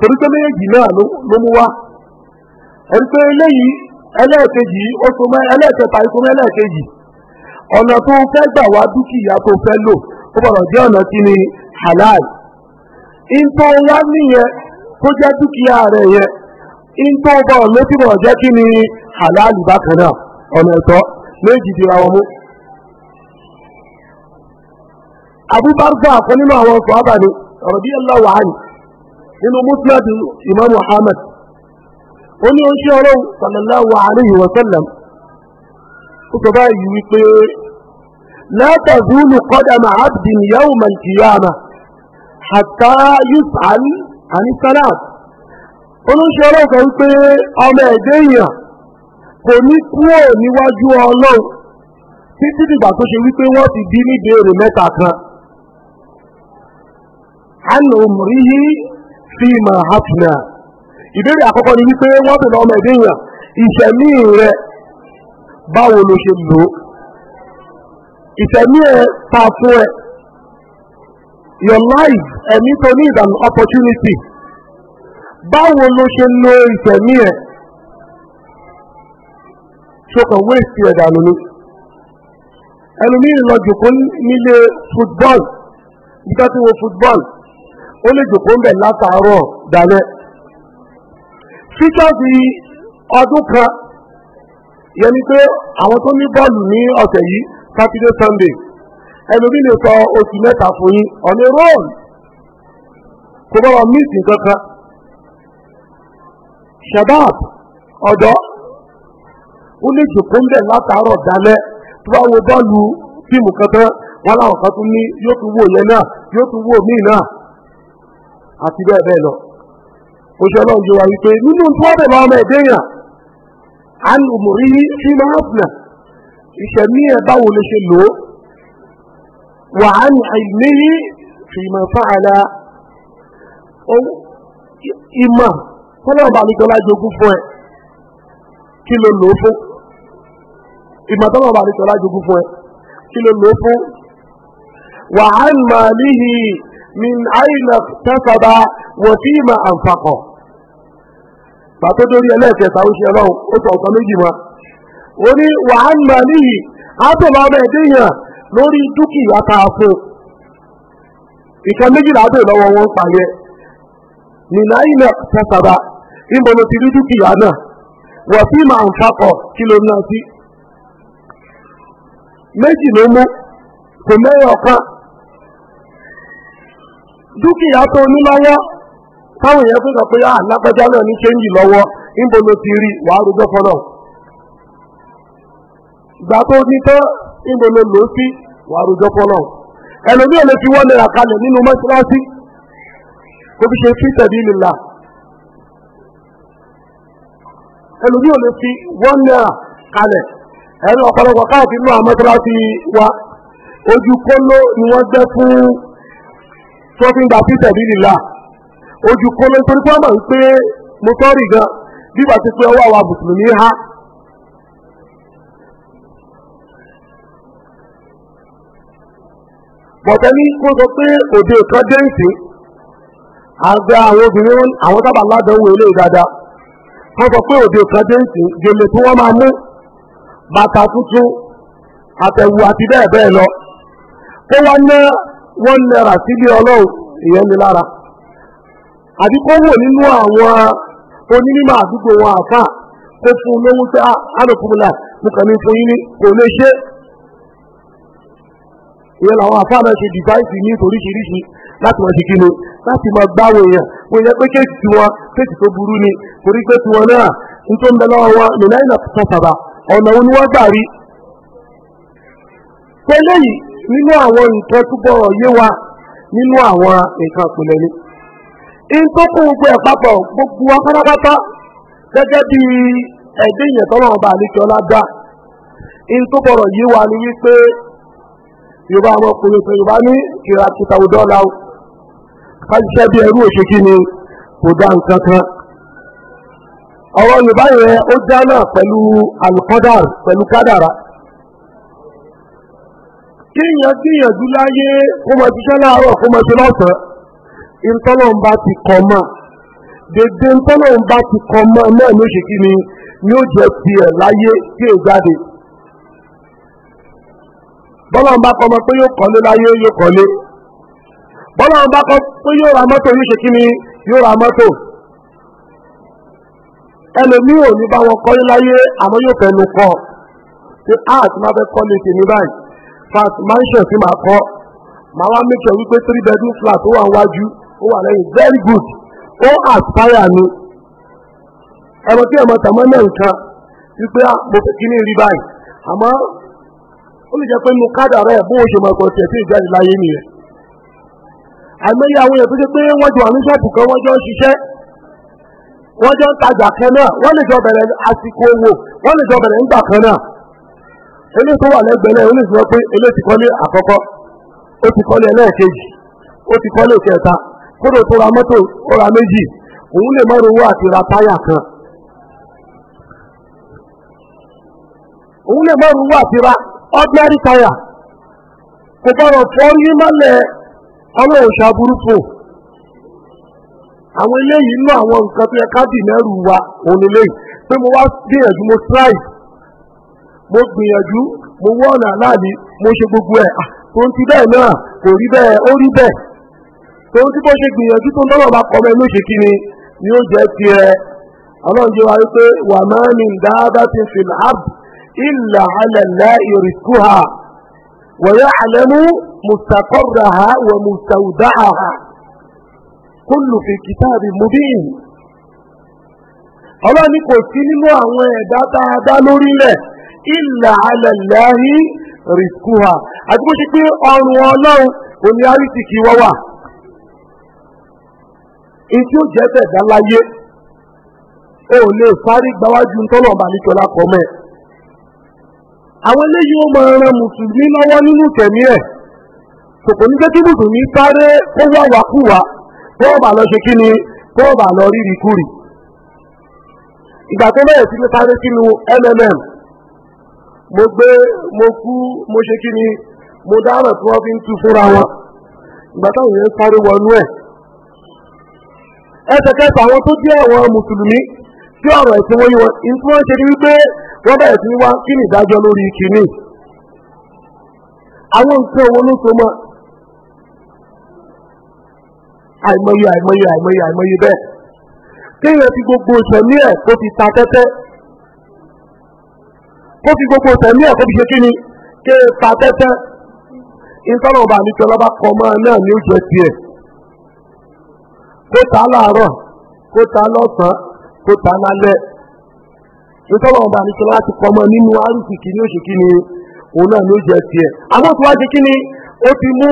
torí pé méjèèjì náà ló mú wá ẹni eléyìí ẹlẹ́ẹ̀kejì ó ẹlẹ́ẹ̀kẹta ó ẹlẹ́ẹ̀kejì ọ̀nà tó fẹ́ gbà wá dúkìá tó fẹ́ lò ó gbọ́dọ̀ jẹ́ ọ̀nà tí ni halal ìntọ́ wá nìyẹn tó jẹ́ dúkìá rẹ̀ yẹn bọ̀ ló ni halal bákan náà ọ̀nà ẹ̀tọ́ wọn mú. nínú àwọn nínú musnad imam muhammad ó ní oṣù ọlọ́run sallallahu alayhi wa sallam ó sọ báyìí wípé la tazulu qadama abdin yawma al-qiyamah hatta yus'al an salat olóṣù ọlọ́run kan wípé ọmọ ẹ̀dẹ́ èèyàn kò ní kúrò níwájú ọlọ́run títí dìgbà tó ṣe wípé wọ́n ti bí níbèrè mẹ́ta kan. an umrihi sí ma hafna ìbéèrè àkọ́kọ́ ni wípé wọ́n bèèrè ọmọ ẹ̀dẹ́ yàn ìṣẹ̀mí rẹ báwo ló ṣe lò ó ìṣẹ̀mí ẹ ta fún ẹ your life ẹ̀mí tó ní opportunity báwo ló ṣe lo ìṣẹ̀mí ẹ ṣokàn wéèsì ẹ̀dà lónìí ẹlòmíràn lọ jòkó nílé football nígbà tí wo football ó lè jòkó ń bẹ̀ látàárọ̀ dalẹ́ fíjọ́sì ọdún kan ni pé àwọn tó ní bọ́ọ̀lù ní ọ̀sẹ̀ yìí sunday ẹlòmí lè sọ oṣù mẹ́ta fún yín ọ̀nà kò shabab ọ̀dọ́ ó lè jòkó ń bẹ̀ látàárọ̀ tó bá wo bọ́ọ̀lù fíìmù wọn kan tún ní yóò tún wò àti bẹ́ẹ̀ bẹ́ẹ̀ lọ oṣù ọlọ́run jẹ́ wa wípé nínú tí wọ́n bẹ̀rẹ̀ ọmọ ẹ̀dẹ́ yàn á ń mọ̀rí sí mọ́ọ́fìnà ìṣẹ̀mí ẹ̀ báwo lè ṣe lò ó wà á ní àìníyí fi mọ̀ fáàlà ìmọ̀ tọ́lọ́ ọba àlejòlá jogún fún ẹ kí ló lò ó fún ìmọ̀ tọ́lọ́ ọba àlejòlá jogún fún ẹ kí ló lò ó fún wà á ní màálíhì min aina tasaba wọ́n fi ma àǹfàkọ̀. Bàtó dórí ẹlẹ́ẹ̀kẹta ó ṣe ọlọ́run ó sọ ọ̀kan méjì mọ́. Ó ní wàá ń mà níyì átọ̀bà wọn pààyẹ. Min aina tasaba níbo ló dúkìá náà. Wọ́n fi ma sí. Méjì dúkìá tó ní lọ́wọ́ táwọn èèyàn tó sọ pé alágbájá ah, náà ní ṣéǹjì lọ́wọ́ níbo ló ti rí wàá rojọ́ fọ́nà ìgbà tó ní tán níbo ló lò ó sí wàá rojọ́ fọ́nà ẹlòmíì fi wọ́n náírà kalẹ̀ nínú mọ́ṣáláṣí kó fi ṣe fi tẹ̀lé ìlà ẹlòmíì fi wọ́n kalẹ̀ ẹ̀rọ ọ̀pọ̀lọpọ̀ káàkiri mọ́ṣáláṣí wa ojú kóló ni wọ́n gbẹ́ tó fi ń gba pítẹ̀ bí nìlá ojú kọ́lé torí pé ọmọ wípé mo tọ́ rí gan bíbà ti pé ọwọ́ àwa mùsùlùmí há. bọ̀dẹ́ ní kó sọ pé òde kan dé ìsìn àgbà àwọn obìnrin àwọn sábà ládàáwò ilé dáadáa wọ́n sọ pé òde kan dé ìsìn gèlè tí wọ́n máa mú bàtà tuntun àtẹ̀wù àti bẹ́ẹ̀ bẹ́ẹ̀ lọ. ó wá ná one naira sílé ọlọ́run ihe ni lára àbí kó wò nínú àwọn onímọ̀ àdúgbò wọn àfà kó fún un lówó pé àlòkùnrinlá ah, fún yín ní kò lè ṣe ìyẹn làwọn àfà náà ṣe dìváìsì ní oríṣiríṣi láti máa ṣe kí ni láti ni torí pé tiwọn náà ń tó ń bẹ lọ́wọ́ wọn náà ọ̀nà oníwọ́gbà rí nínú àwọn nǹkan túbọ̀ yé wa nínú àwọn nǹkan ìpìlẹ̀ ni. in tó kún gbogbo ẹ̀ papọ̀ gbogbo wa pátápátá gẹ́gẹ́ bí ẹ̀dẹ́ ìyẹn tọ́lọ́ ọba àlejò ọlágbá in tó bọ̀rọ̀ yé wa ni wípé yorùbá ọmọkùnrin sọ yorùbá ní kìlá kìtà òdọ́ ọ̀la o kájíṣẹ́ bí ẹrú òṣèkí ni kò dá nǹkan kan ọ̀rọ̀ yorùbá yẹn ó já pẹ̀lú alùpàdà pẹ̀lú kádàrá kéèyàn gbìyànjú láyé kó máa ṣiṣẹ́ láàárọ̀ kó máa ṣe lọ́sàn-án ìtọ́lọ́run bá ti kọ́ mọ́ dédé ìtọ́lọ́run bá ti kọ́ mọ́ náà ní oṣù kí ni ni ó jẹ́ tiẹ̀ láyé tí è jáde bọ́lọ́run bá kọ́ mọ́ pé yóò kọ́lé láyé yóò kọ́lé bọ́lọ́run bá kọ́ pé yóò ra mọ́tò yóò ṣe kí ni yóò ra mọ́tò ẹlòmíì ò ní bá wọn kọ́lé láyé àmọ́ yóò fẹnu kọ́ pé áà ah, ti fẹ́ kọ́lé tèmi báyìí fast mansion tí màá kọ́ màá wá make sure wípé three bedroom flat ó wà ó wà lẹ́yìn very good ó aspire ni ẹ̀rọ tí ẹ̀mọ tàmọ́ náà nǹkan wípé ah, mo fi kíní rí báyìí àmọ́ ó lè jẹ́ pé mo bó o ṣe mọ̀ ọ̀pọ̀ sí ìjáde láyé nìyẹn àwọn èèyàn tó ṣe pé wọ́n kan wọ́n jọ ń ṣiṣẹ́ kan náà wọ́n lè jọ bẹ̀rẹ̀ àsìkò owó wọ́n kan náà eléyìí tó wà lẹ́gbẹ̀ẹ́ pe sọ pé eléyìí ti kọ́lé àkọ́kọ́ ó ti kọ́lé ẹlẹ́ẹ̀kejì ó ti kọ́lé kẹta kódò tó ra mọ́tò ó ra méjì òun lè mọ́ rówó àti ra táyà kan òun lè mọ́ rówó àti ra ọ́dínárì táyà kò gbọ́dọ̀ fọ́ ní ọlọ́run àwọn eléyìí inú àwọn wa òun pé mo mo gbìyànjú mo wọ́ ọ̀nà mo ṣe gbogbo ẹ̀ ah, tó ń ti bẹ́ẹ̀ náà kò rí bẹ́ẹ̀ ó rí bẹ́ẹ̀ tó ń tí bó ṣe gbìyànjú tó ń tọ́lọ̀ bá kọ́ mẹ́ ló ṣe kí ni ni ó jẹ́ ọlọ́run wà máa ní ti fi làb ìlà àlẹ́mú fi kìtàbí ìlà alẹ́lẹ́rí rìskúhà àti bó ṣe pé ọrùn ọlọ́run òní àrísìkí wọ́n wà ìtí ó jẹ́ tẹ̀dá láyé ó lè fárí gbáwájú tọ́lọ̀ màníkọ́lá kọ́mẹ́ àwọn eléyìí ó máa ran mùsùlùmí lọ́wọ́ nínú tẹ̀mí ẹ̀ kòkò ní mùsùlùmí sáré wà lọ ṣe ni lọ ìgbà tó bẹ̀rẹ̀ sí mmm mo gbé mo kú mo ṣe kí ni mo dáhùn tí wọ́n fi ń tú fúnra wọn ìgbà táwọn yẹn sáré wọnú ẹ̀ ẹsẹ̀kẹsẹ̀ àwọn tó jẹ́ àwọn mùsùlùmí tí ọ̀rọ̀ ẹ̀sìn wọ́n yí wọn ní tí wọ́n ṣe ni wípé wọ́n bẹ̀rẹ̀ sí wá kí ni ìdájọ́ lórí kìíní àwọn nǹkan owó ló so mọ́ àìmọye àìmọye àìmọye àìmọye bẹ́ẹ̀ kéèyàn ti gbogbo ìṣẹ̀lẹ̀ ẹ̀ tó fi ta tẹ́tẹ́ kó fi gbogbo tẹ̀mí ẹ̀ kó fi ṣe kí ni ké ta tẹ́tẹ́ ìtọ́nà ọba àníjọ lọ́ba kọ mọ́ ẹ náà ní oúnjẹ tiẹ̀ kó ta láàárọ̀ kó ta lọ́sàn-án kó ta lálẹ́ ìtọ́nà ọba àníjọ láti kọ mọ́ nínú arúgbìkì ní oṣù kí ni òun náà ní oúnjẹ tiẹ̀ àmọ́ tí wàá di kí ni ó ti mú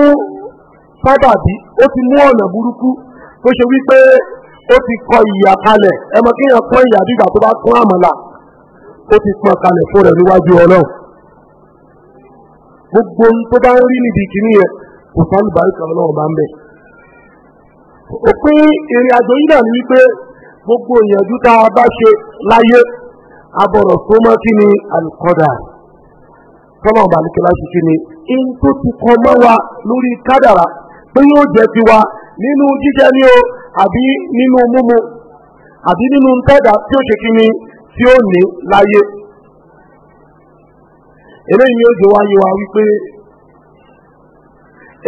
sábàbí ó ti mú ọ̀nà burúkú tó ṣe wípé ó ti kọ ìyà kalẹ̀ ẹ mọ̀ kéèyàn kọ ìyà bí ìgbà tó bá kún àmàlà. ó ti pọn kalẹ̀ fún rẹ̀ níwájú ọlọ́run gbogbo ohun tó bá ń rí níbi kìíní yẹn kò sálù báríkà ọlọ́run bá ń bẹ̀. òpin ìrìn àjò yìí ni wípé gbogbo ìyànjú tá a bá ṣe láyé abọ̀rọ̀ tó mọ́ kí ni àlùkọ́dà tọ́lọ̀ bá láti kí ni tó ti mọ́ wa lórí kádàrà pé yóò jẹ́ ti wa ni tí ó ní láyé eléyìí ni ó jẹ́ wáyé wa wípé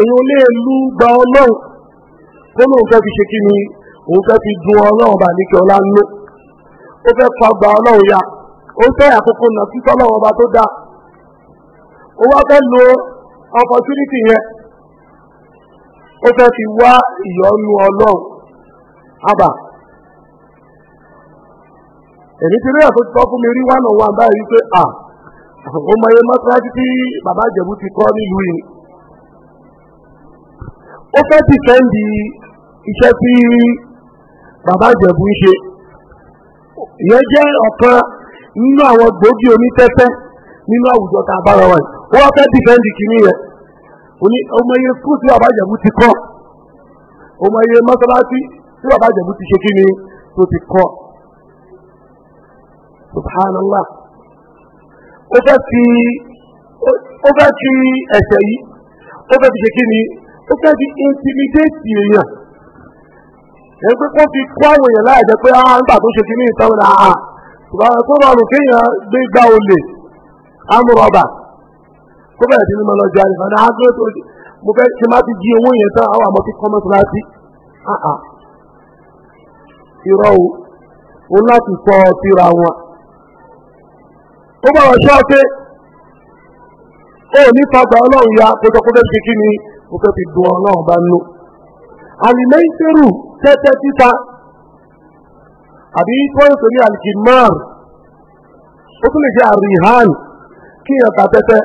èyàn lè lú gba ọlọ́run tó lóun fẹ́ fi ṣe kí ni òun fẹ́ fi dun ọlọ́run bá ní kí ọlá ń lò ó fẹ́ fa gba ọlọ́run ya ó fẹ́ àkókò náà títọ́ ọlọ́run ọba tó dáa ó wá fẹ́ lo opportunity yẹn ó fẹ́ fi wá ìyọ́nú ọlọ́run àbá èmi ti rí ẹ̀ tó ti tọ́ fún mi rí one on one báyìí pé à ó mọ iye mọ́tíráàjì tí bàbá ìjẹ̀bú ti kọ́ nílùú yìí ó fẹ́ ti fẹ́ǹdì iṣẹ́ tí bàbá ìjẹ̀bú ń ṣe ìyẹn jẹ́ ọ̀kan nínú àwọn gbòógì onítẹ́tẹ́ nínú àwùjọ tá a bára wa yìí wọ́n fẹ́ dìfẹ́ǹdì kìíní yẹn ọmọ iye skul tí bàbá ìjẹ̀bú ti kọ́ ọmọ iye mọ́tíráàjì tí bàbá ìjẹ̀bú ti ṣe kí subhana allah ó fẹ́ fi ó fẹ́ fi ẹ̀sẹ̀ yìí ó fẹ́ fi ṣe kí ni ó fẹ́ fi intimidate èèyàn pé kó fi kó àwọn èèyàn jẹ́ pé á ah, nígbà tó ṣe kí ìtàn náà ah, ah. ṣùgbọ́n tó rọrùn kéèyàn gbé gbá olè amúrọ̀bà kó bẹ̀rẹ̀ sí àyè ágbé tó mo fẹ́ ṣe má ti di owó yẹn tán àwọn àmọ́ irọ́ ó gbọ́dọ̀ ṣọ́ pé ó ní tọgbà ọlọ́run ya pé ṣe kí ni mo fẹ́ fi dun ọlọ́run bá nú. àlìmẹ́ńtẹ́rù tẹ́tẹ́ títa àbí pọ́ǹsì ní alikimar ó tún lè jẹ́ àríhàn kí èèyàn tẹ́tẹ́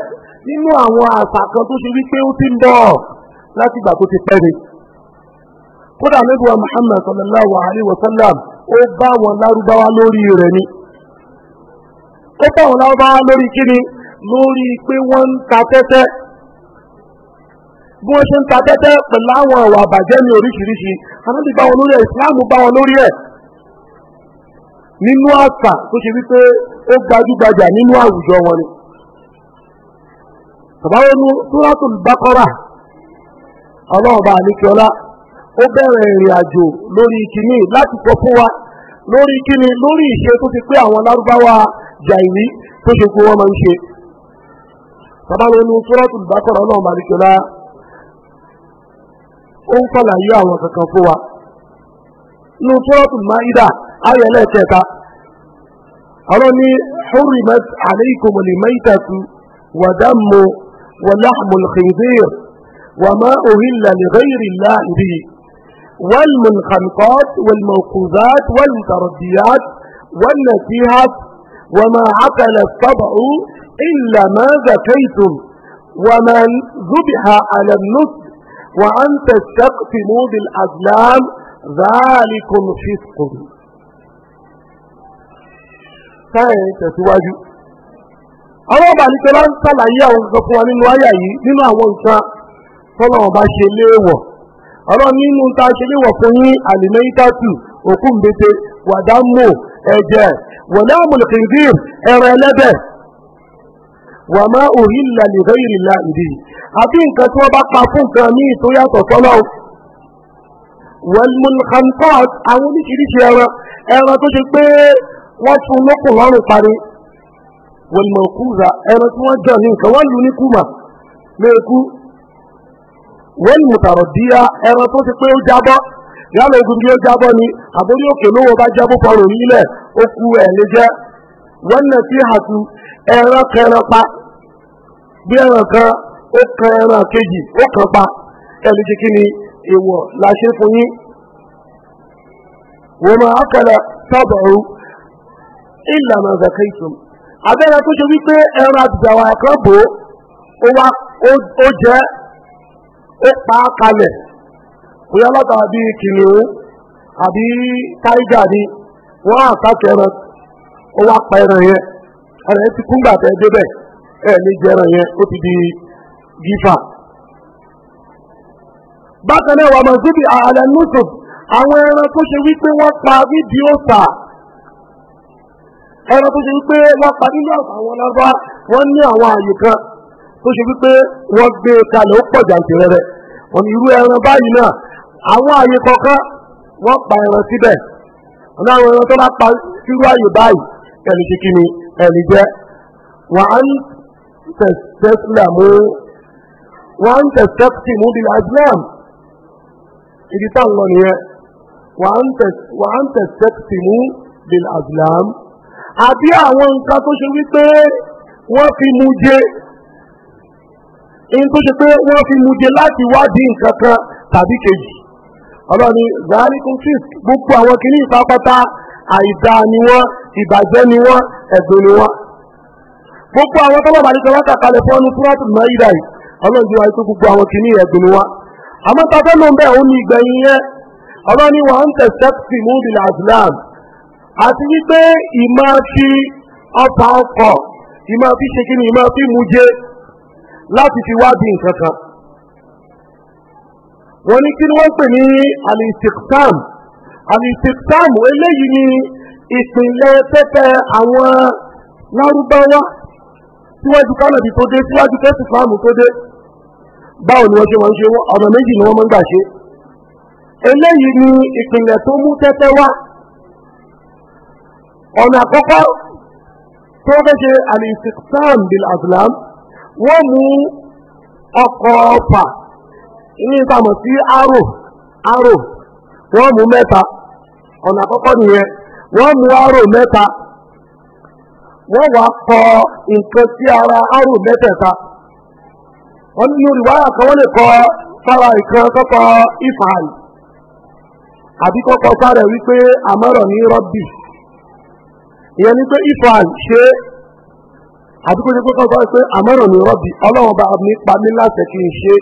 nínú àwọn àṣà kan tó ṣe wípé ó ti ń bọ̀ láti ìgbà tó ti pẹ́ ni. kódà nígbà sallallahu alayhi ni. ó fáwọn láwọ́ bá lórí kíni lórí pé wọ́n ń ta tẹ́tẹ́ bí wọ́n ṣe ń ta tẹ́tẹ́ pẹ̀lú àwọn ọ̀rọ̀ àbàjẹ́ ní oríṣiríṣi anábì bá wọn lórí ẹ̀ ìsìláàmù bá wọn lórí ẹ̀ nínú àṣà tó ṣe wípé ó gbajúgbajà nínú àwùjọ wọn ni tàbáwọn ní Suratul Baqara ọlọ́ọ̀bá àníkíọ́lá ó bẹ̀rẹ̀ ìrìn àjò lórí kíní láti sọ fún wa lórí kíní lórí ìṣe tó ti pé àwọn lárúbáwá jàìrí tó ṣe pé wọ́n máa ń ṣe bàbá ló ní túrọ́tù ìbákọ̀rọ̀ náà màríkẹ́lá ó ń fàlàyé àwọn kankan fún wa ní túrọ́tù máìdà ayọ̀ ẹlẹ́ẹ̀kẹta àwọn ní حرمت عليكم الميتة ودم ولحم الخنزير وما أهل لغير الله به والمنخنقات والموقوذات والمترديات والنسيهات وما عقل السبع إلا ما زكيتم وما ذبح على النصب وأن تستقسموا بالأزلام ذلكم فسق sáyẹn tẹ̀síwájú àwọn ọba àlìkọlá ń sàlàyé àwọn nǹkan fún wa nínú àyà yìí nínú àwọn nǹkan tọ́lọ̀ ọba ṣe léèwọ̀ ọ̀rọ̀ nínú ta ṣe léèwọ̀ fún yín àlìmẹ́yítàtù òkú mbete wàdámò ẹ̀jẹ̀ ولا lẹ́kìndín ẹ̀rọ ẹlẹ́bẹ̀ wà má òhìlà lè rẹ́ ìrìnlá ìdí àbí nǹkan tí wọ́n bá pa fún nǹkan ní ìtòyàtọ̀ tọ́lọ́ wẹ̀lmùnkàntọ́ àwọn oníṣiríṣi ẹran ẹran tó ṣe pé wọ́n tún lókùn lọ́rùn parí wẹ̀lmọ̀kúza ẹran tí wọ́n jọ ní nǹkan wọ́n lù ní kùmà lẹ́ẹ̀kú wẹ̀lmùtàrọ̀díyà ẹran tó ṣe pé ó jábọ́ yálà egungun ó jábọ́ ni àbórí òkè lówó bá jábọ́ pọ̀rọ̀ nílẹ̀ okú ẹ̀ jẹ wọn wọ́n nà ẹran kẹran pa bí ẹran kan ó ẹran kejì ó kan pa ẹ̀ lè ni la ṣe fún yín wọ́n máa kẹlẹ̀ sábàrú ìlànà zakaitum abẹ́rẹ́ tó ṣe wípé ẹran àbìjàwà kan bò ó jẹ ó pa á kalẹ̀ bóyá látàbí kìnìún wọ́n àtàkẹ́rẹ́ ó wá pa ẹran yẹn ẹran yẹn ti kú gbà tẹ́ débẹ̀ ẹ̀ ní ẹran yẹn ó di gífà. bákan náà wà mọ̀síbi nùsùn ẹran tó ṣe wípé wọ́n pa nídìí ẹran tó ṣe wípé wọ́n pa nínú àwọn wọ́n ní àwọn wípé wọ́n gbé e kalẹ̀ ó pọ̀ wọ́n ní irú ẹran báyìí náà àwọn kọ̀ọ̀kan wọ́n pa ẹran síbẹ̀. ọ̀nà àwọn ẹran tó bá pa irú àyè báyìí ẹni kíkí ni ẹni jẹ́ wọ́n á ń tẹ̀sílà mú wọ́n á ń tẹ̀sílà mú bí islam ibi táwọn lọ nìyẹn wọ́n á ń tẹ̀sílà mú bí islam àbí àwọn nǹkan tó ṣe wípé wọ́n fi mú jẹ in tó ṣe pé wọ́n fi mú jẹ láti wádìí nǹkan kan tàbí kejì ọlọ́ni zanikun fis gbogbo àwọn kìíní ìpapata àìdá ni wọ́n ìbàjẹ́ ni wọ́n ẹ̀gbẹ́ ni wọ́n. gbogbo àwọn tó bàbá nípa láta kalẹ̀ fún ọ́nù fúrọ́tù náírà yìí ọlọ́ni ti ni wọ́n. àmọ́ ta fẹ́ ló ń bẹ̀ ó ní ìgbẹ̀yìn yẹn ọlọ́ni wọn ń tẹ̀sẹ́pì múbi làdùlám àti wípé láti fi wá bí nǹkan kan wọ́n ní kí ni wọ́n pè ní alisiktam alisiktam eléyìí ni ìpìlẹ̀ tẹ́tẹ́ àwọn lárúbáwá síwájú kánàbì tó dé síwájú kẹ́sì fáàmù tó dé báwo ni wọ́n ṣe wọ́n ṣe wọ́n ọ̀nà méjì ni wọ́n máa ń gbà ṣe eléyìí ni ìpìlẹ̀ tó mú tẹ́tẹ́ wá ọ̀nà àkọ́kọ́ tó fẹ́ ṣe alisiktam bil wọ́n mú ọkọ̀ ọ̀fà inihita moti aro aro won mu meta ona koko ni e won mu aro meta won wa po nke si ara aro meteta onye yori wa ala ka won le kọwa kala ikan koko wikpe ala abi rugby ihe n'ikpe ife ala se wikpe kọkọta wipe amoro ni rugby olowo oban nipa mila teku se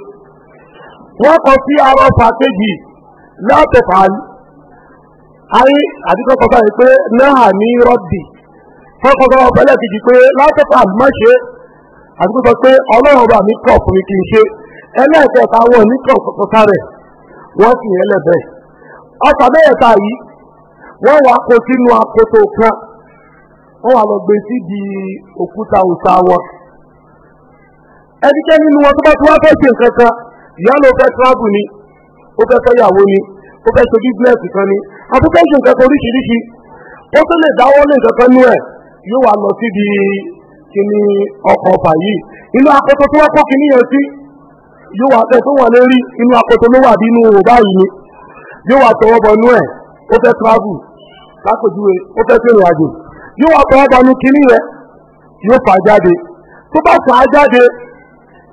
wọn kọ sí ara ọ̀fà kejì látẹ̀fà ayé àdìkọ́kọ́ báyìí pé náà ní rọ́bì kọ́kọ́ ọ̀fà ẹlẹ́kejì pé látẹ̀fà má ṣe àdìkọ́kọ́ pé ọlọ́run bá mi kọ̀ fún mi kì í ṣe ẹlẹ́ẹ̀kẹta wọn ní sì yẹn yìí kó sínú akoto kan lọ ìyá ló fẹ́ travel ni ó fẹ́ fẹ́yàwó ni ó fẹ́ ṣe business kan ni application kẹ́kọ̀ọ́ oríṣiríṣi ó tó lè dáwọ́ lé nǹkan kan nú ẹ̀ yóò wá lọ síbi kíní ọkọ̀ ọ̀fà yìí inú akoto tó wá kó kíní yẹn sí yóò wá tẹ̀ tó wà lórí inú akoto ló wà bí inú òwò báyìí ni yóò wá tọwọ́ bọ nú ẹ̀ ó fẹ́ travel lápèjúwe ó fẹ́ fẹ́ràn àjò yóò wá tọwọ́ bọ nú kíní yẹn yóò fà jáde tó bá fà jáde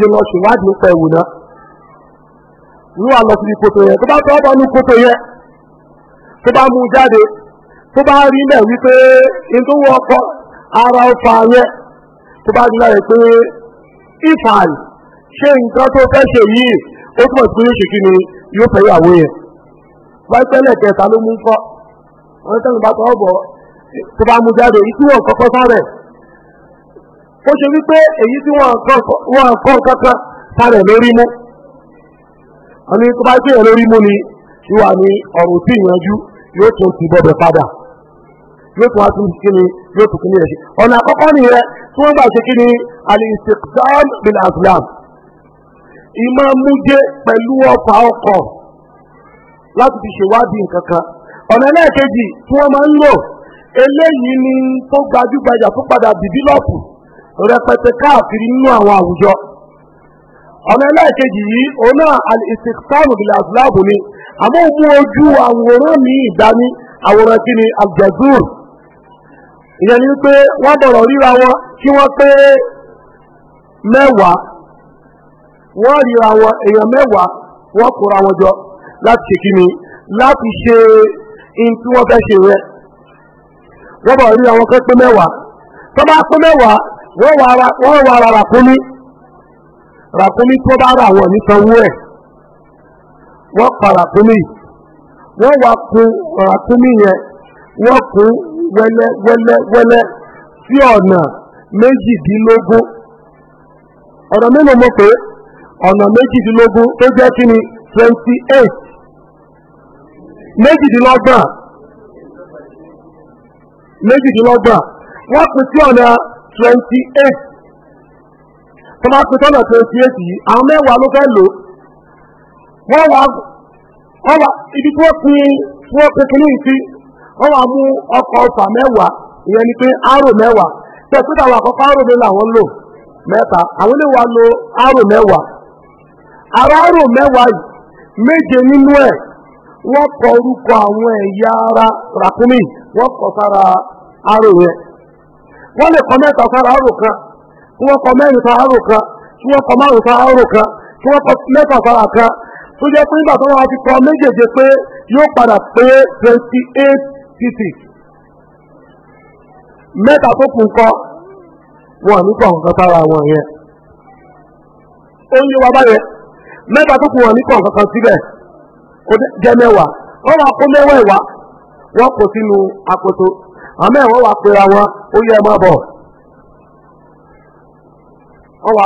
dìde lọ ṣèwádìí nípa ẹ̀wù náà wọ́n wà lọ sí koto yẹn tó bá tọ́ bọ́ ní koto yẹn tó bá mú jáde tó bá rí mẹ́ wípé nítorí ọkọ ara ọfà yẹn tó bá dúró rẹ̀ pé ìfàlì ṣé nǹkan tó fẹ́ ṣe yìí ó túmọ̀ sí pé yóò ṣe kí ni yóò fẹ́ ìyàwó yẹn wáyé tẹ́lẹ̀ kẹta ló mú kọ́ wọ́n tẹ́lẹ̀ bá tọ́ bọ̀ tó bá mú jáde ìtúwọ̀ kọ́kọ́ sáré ó ṣe wípé èyí tí wọ́n kọ́ kankan sáré lórí mú àmì tó bá gbé lórí mú ni ìwà ni ọ̀rọ̀ tí ìyanjú yóò tún ti bọ̀bẹ̀ padà yóò tún wá tún kíni yóò tún kíni rẹ̀ ṣe ọ̀nà àkọ́kọ́ nìyẹn tí wọ́n gbà ṣe kíni al-istiqsam bil-azlam ìmọ̀ mújẹ pẹ̀lú ọ̀pá ọkọ̀ láti fi ṣèwádìí nǹkan kan ọ̀nà ẹlẹ́ẹ̀kejì tí wọ́n máa ń lò eléyìí ni tó gbajúgbajà tó padà rẹpẹtẹ káàkiri nínú àwọn àwùjọ ọ̀nà ẹlẹ́ẹ̀kejì yìí òun náà alìsìkítàmù bìlà ni àmọ́ mú ojú àwòrán mi ìdání àwòrán kí ni aljazur ìyẹn ni pé wọ́n bọ̀rọ̀ ríra wọn kí wọ́n pé mẹ́wàá wọ́n ríra mẹ́wàá wọ́n wà ra ràkúnmí ràkúnmí tó bá rà wọ̀ nítanwó ẹ̀ wọ́n pa ràkúnmí wọ́n wà kun ràkúnmí yẹn wọ́n kun wẹ́lẹ́ wẹ́lẹ́ wẹ́lẹ́ sí ọ̀nà méjìdínlógún ọ̀nà mélòó mọ̀ pé ọ̀nà méjìdínlógún tó jẹ́ kí ni twenty eight méjìdínlọ́gbọ̀n méjìdínlọ́gbọ̀n wọ́n kun sí ọ̀nà. twenty eight tó 28 twenty eight yìí àwọn mẹ́wàá ló fẹ́ lò wọ́n wọ́n wá ibi tí wọ́n pín tí wọ́n wọ́n wá mú ọkọ̀ ọ̀fà mẹ́wàá ìyẹn ni pé arò mẹ́wàá ara arò mẹ́wàá yìí méje nínú ẹ̀ wọ́n kọ orúkọ àwọn ẹ̀yà ara wọ́n lè kọ mẹ́ta àrùkà tí wọ́n kọ mẹ́rin àrùkà tí wọ́n kọ márùn àrùkà tí wọ́n kọ mẹ́ta sára ọjọọ tó jẹ́ pé nígbà tó wọ́n ti kọ méjèèjì pé yóò padà pé twenty eight mẹ́ta tó kù kọ́ ní yẹn ó ń báyẹn mẹ́ta àmọ́ ẹ̀wọ́n wà pera wọn ó yẹ ẹ bọ̀ wọ́n wà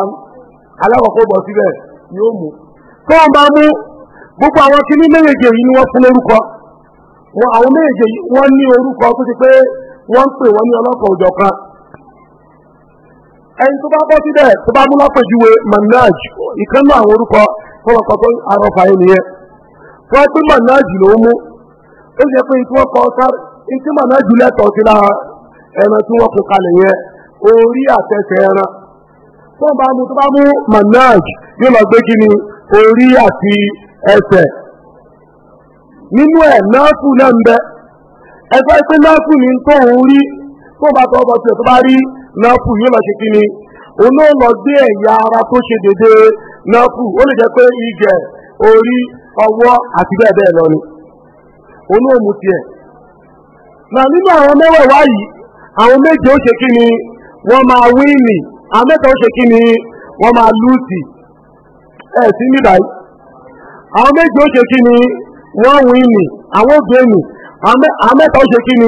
alákọ̀ọ́kọ́ bọ̀ síbẹ̀ ni ó mú tó ń bá mú gbogbo àwọn kìíní méjèèjì yìí ni wọ́n fún lórúkọ wọn àwọn méjèèjì yìí wọ́n ní orúkọ tó ti pé wọ́n ń pè wọ́n ní ọlọ́kọ̀ òjọ̀ kan ẹni tó bá bọ́ síbẹ̀ tó bá mú manaj ìkànnì àwọn wọ́n ntí màmá jùlẹ̀ tọ̀ sí lára ẹran tí wọ́n kó kalẹ̀ yẹn orí àtẹsẹ̀ ẹran tó bá mú tó bá mú manaj yóò lọ gbé kí ni orí àti ẹsẹ̀ nínú ẹ̀ náàfù náà ń bẹ ẹgbẹ́ pé náàfù ní tó ń rí tó bá tọ́ ọbọ̀ tí tó bá rí náàfù yóò lọ ṣe kí ni òun ó lọ gbé ẹ̀yà ara tó ṣe dédé náàfù ó lè jẹ́ pé orí ọwọ́ àti bẹ́ẹ̀ bẹ́ẹ̀ lọ ni mú tiẹ̀ na nínú àwọn mẹ́wẹ̀ẹ̀wá yìí àwọn méje ó ṣe kí ni wọ́n máa wíìnì àwọn mẹ́ta ó ṣe kí ni wọ́n máa lùtì ẹ̀ sí nígbà yìí àwọn méje ó ṣe kí ni wọ́n wíìnì àwọn ògbéni àwọn mẹ́ta ó ṣe kí ni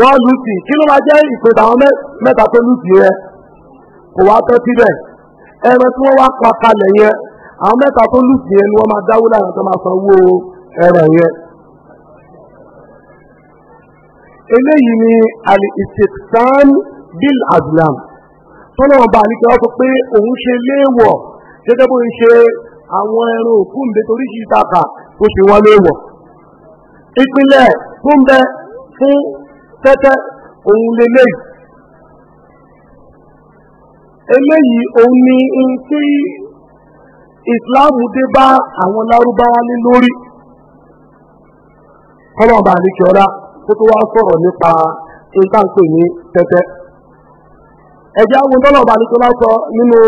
wọ́n lùtì kí ló máa jẹ́ ìpèsè àwọn mẹ́ta tó lùtì yẹn kò wá tọ́ síbẹ̀ ẹran tí wọ́n wá pa kalẹ̀ yẹn àwọn mẹ́ta tó lùtì yẹn ni wọ́n máa dáwó láàrín tó máa sanwó ẹran yẹn. eléyìí ni al-istiqsan bil azlam tọ́nà ọba àníkẹ́ wọ́n sọ pé òun ṣe léèwọ̀ gẹ́gẹ́ bó ń ṣe àwọn ẹran òkú ń bẹ́tẹ̀ oríṣi ìtaka tó ṣe wọ́n léèwọ̀ ìpínlẹ̀ tó ń bẹ fún tẹ́tẹ́ òun lélẹ́yìí eléyìí òun ni n tí ìsìláàmù dé bá àwọn lárúbáwá ní lórí kọ́nà ọba àníkẹ́ ọ̀rá kó tó wá sọ̀rọ̀ nípa ìtànkè ní tẹ́tẹ́ ẹjẹ́ àwọn tọ́lọ̀ bá ní tó lásọ nínú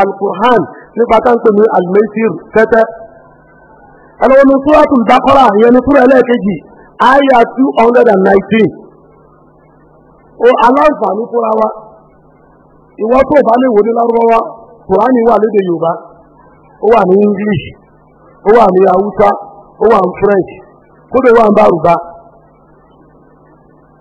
alukuhan nípa táǹkè ní alimẹ́sìr tẹ́tẹ́ ẹlọ́wọ́n ní súrátù dákọ́rà ìyẹn ní àyà 219 o aláǹfààní fúnra wa ìwọ tó bá lè wò ní lárúbáwá kùránì wà lédè yorùbá ó wà ní english ó wà ní haúsá ó wà ní french kódò wà ní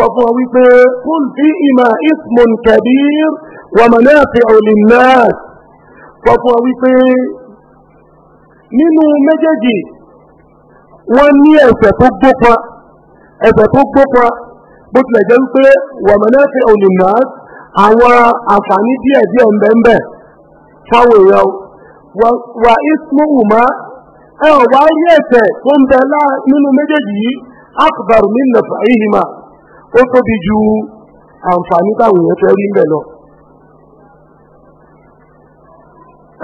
sọ fún ọ wípé kún sí ìmọ̀ ismun kabir wa manafi'u linnas sọ fún ọ wípé nínú méjèèjì wọ́n ní ẹ̀ṣẹ̀ tó gbópa ẹ̀ṣẹ̀ tó gbópa bó tilẹ̀ jẹ́ wípé wa manafi'u linnas àwọn àǹfààní díẹ̀ díẹ̀ ń bẹ fáwọn èèyàn wà ismuhuma ẹ ò ó tóbi ju àǹfààní táwọn èèyàn fẹ́ rí ń bẹ̀ lọ.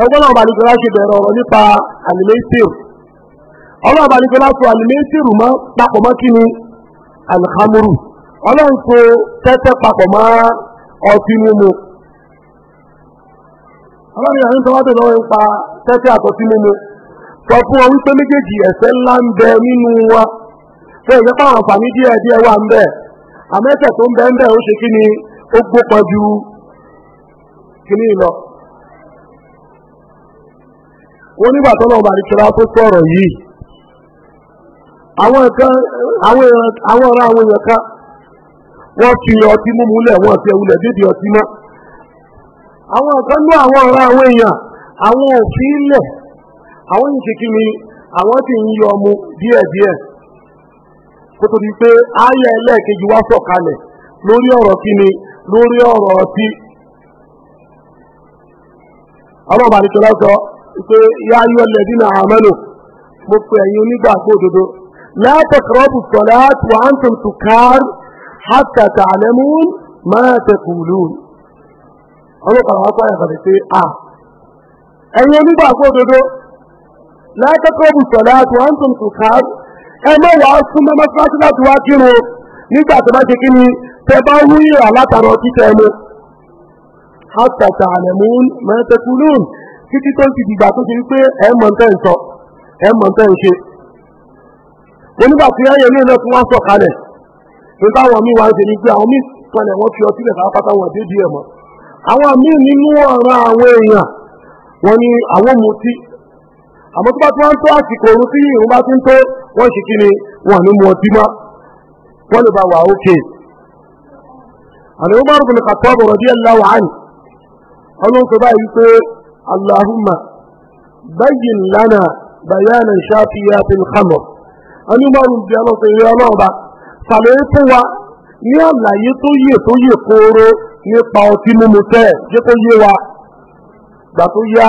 ẹgbẹ́ náà balùwẹ̀ láti bẹ̀rẹ̀ ọ̀rọ̀ nípa àlìmẹ́tìrù ọlọ́run balùwẹ̀ láti àlìmẹ́tìrù mọ́ papọ̀ mọ́ kí ni alhamuru ọlọ́run tó tẹ́tẹ́ papọ̀ mọ́ ọtí mímu ọlọ́run yàrá lọ́wọ́ tẹ́tẹ́ àtọ́tí mímu sọ fún ọ wa àmẹ́sẹ̀ tó ń bẹ́ ń bẹ́ ó ṣe kí ni ó gbópa ju kíní lọ wọ́n tó lọ́wọ́ yìí àwọn àwọn èèyàn kan wọ́n fi ọtí múmu lẹ̀ wọ́n fi ewúlẹ̀ débi ọtí mọ́ àwọn kan ní àwọn ará àwọn èèyàn àwọn òfin lẹ̀ àwọn ìṣèkí ni àwọn ń kótó di pé ayé ẹlẹ́ẹ̀kejì wá sọ̀kalẹ̀ lórí ọ̀rọ̀ kíni lórí ọ̀rọ̀ ọtí. àwọn ya àdìsọ́lá sọ pé yá ayé ẹlẹ́ẹ̀dì náà àmẹ́lò mo pe ẹ̀yin onígbàgbọ́ òdodo látẹ̀kọ́rọ́bù sọ̀lá wà á ń tún tún káàr hàtà tààlẹ́mú máa tẹ̀kùlù. ọlọ́pàá wá pààyàn kàdé pé a ẹ̀yin onígbàgbọ́ òdodo látẹ̀kọ́rọ́bù sọ̀lá wà á ń tún tún káàr ẹ mọ́ wàá súnmọ́ mọ́sálásí láti wá kírun nígbà tó bá ṣe kí ni tẹ bá rú ìrà látara títẹ ẹnu hátàtà àlẹ̀mú mẹ́tẹ́kùlùn títí tó ti dìgbà tó ṣe wípé ẹ̀mọ̀ tẹ́ ń sọ ẹ̀mọ̀ tẹ́ ṣe tí ní ilẹ̀ sọ kalẹ̀ wá ń ṣe pé àwọn wọ́n fi ọtí lẹ̀ wọn wọ́n ṣe kí ni wọ́n ní mu ọtí mọ́ wọ́n lè ba wà ókè. àná Umar bin Khattab radiyallahu anhu ọlọ́nkọ báyìí wípé Allahumma bayyin lana bayanan shafiyatin khamr anúmọ̀rún bí ọlọ́sẹ̀ ilé ọlọ́ọ̀ba sàlẹ̀ fún wa ní àlàyé tó yè tó yè kóró nípa ọtí mímu tẹ́ jẹ́ tó yé wa gbà tó yá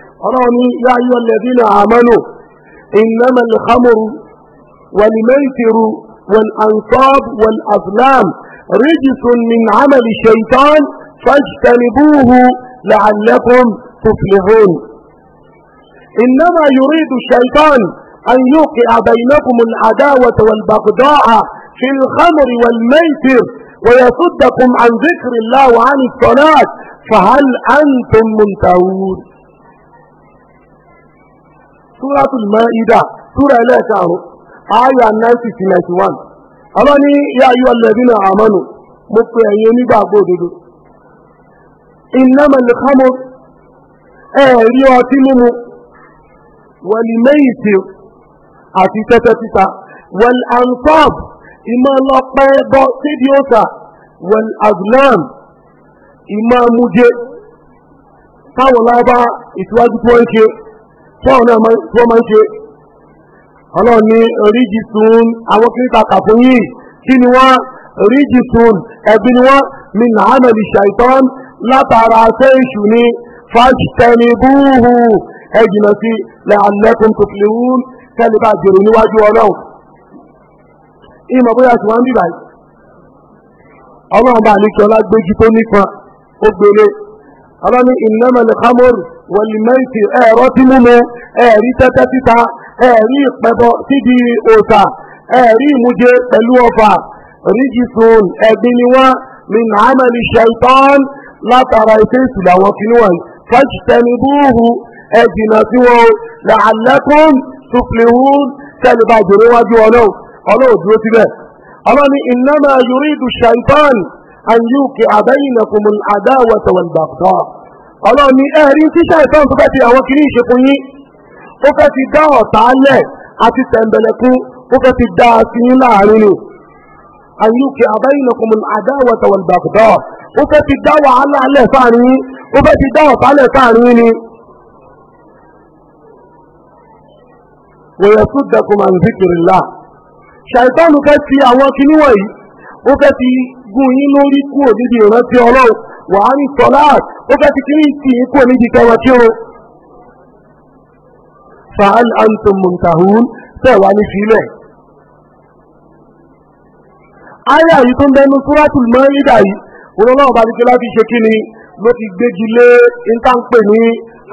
ọlọ́ni يا أيها الذين آمنوا إنما الخمر والميتر والأنصاب والأظلام رجس من عمل الشيطان فاجتنبوه لعلكم تفلحون إنما يريد الشيطان أن يوقع بينكم العداوة والبغضاء في الخمر والميتر ويصدكم عن ذكر الله وعن الصلاة فهل أنتم منتهون Suratul Ma'idah súra ẹlẹ́ẹ̀karùn àyà 90-91 ọlọ́ni ya ayú alladhina amanu mo pe ẹ̀yin onígbàgbọ́ òdodo innamal khamr ẹ̀ẹ̀rí ọtí mímu wẹ̀lì mẹ́yìtì àti tẹ́tẹ́ títa wẹ̀l ansab ìmọ̀ lọ́pẹ́ bọ́ sídi òta wẹ̀l azlam ìmọ̀ múje táwọn lábá ìtìwájú tó fọ́ọ̀n náà tí wọ́n máa ń ṣe ọlọ́run ní ríjì tún àwọn kiri kàkà fún yìí kí ni wọ́n ríjì tún ẹ̀bí ni wọ́n mi nàánà lè ṣàìtàn látara ṣé èṣù ni fàṣtẹ̀ni búhù ẹ̀jìnà sí lẹ́àlẹ́kùn tó fi wú tẹ́lẹ̀ bá jèrò níwájú ọlọ́run ìmọ̀ bóyá tí wọ́n dìbà yìí ọlọ́run bá ní kí tó nípa ó gbélé ọlọ́ni ìnámẹ́lẹ̀ hamor wọ̀lìmẹ́ǹtì ẹ̀rọ tí mímu ẹ̀rí tẹ́tẹ́ títa ẹ̀rí ìpẹ̀bọ síbi òòṣà ẹ̀rí ìmúje pẹ̀lú ọfà rígìsùn ẹ̀gbin ni wọ́n min amẹ́lì ṣẹ̀tọ́n látara iṣẹ́ ìsìlẹ̀ àwọn kìnìún fajtanibuhu ẹ̀jìnà tí wọ́n la'allakum tuflihun tẹ́lifà jòrò wájú ọlọ́ọ̀ ọlọ́ọ̀ dúró síbẹ̀ ọlọ́ni ìnámẹ́ àyùkì àbẹ́yìnàkùn àdáwọ̀tẹ̀wọ̀n bàtọ́ ọlọ́run ní ẹ̀rí ṣíṣẹ́ ìtọ́n tó fẹ́ fi àwọn kiri ìṣekun yín ó fẹ́ fi dá ọ̀tá lẹ̀ àti tẹ̀m̀bẹ̀lẹ̀kún ó fẹ́ fi dá sí yín láàrin ni àyùkì àbẹ́yìnàkùn àdáwọ̀tẹ̀wọ̀n bàtọ́ ó fẹ́ fi dá wàhálà lẹ̀ sáàrin yín ó fẹ́ fi dá ọ̀tá lẹ̀ sáàrin yín ni. wòyẹ̀sùdẹ̀kùn àǹzíkìrìlá ṣàìtọ́nù fẹ́ fi àwọn kiní wọ̀nyí ó fẹ́ fi gún yín lórí kúrò níbi ìrántí ọlọ́run wàá ní sọlá ó fẹ́ ti kiri tì í kúrò níbi ìtọ́wọ́ tí ó. fa'al antum muntahun bẹ́ẹ̀ wá ní sílẹ̀. ayé àyí tó ń bẹnu suratul Maida yìí òun náà bá ní kí láti ṣe kí ni ló ti gbégi lé ntánpè ní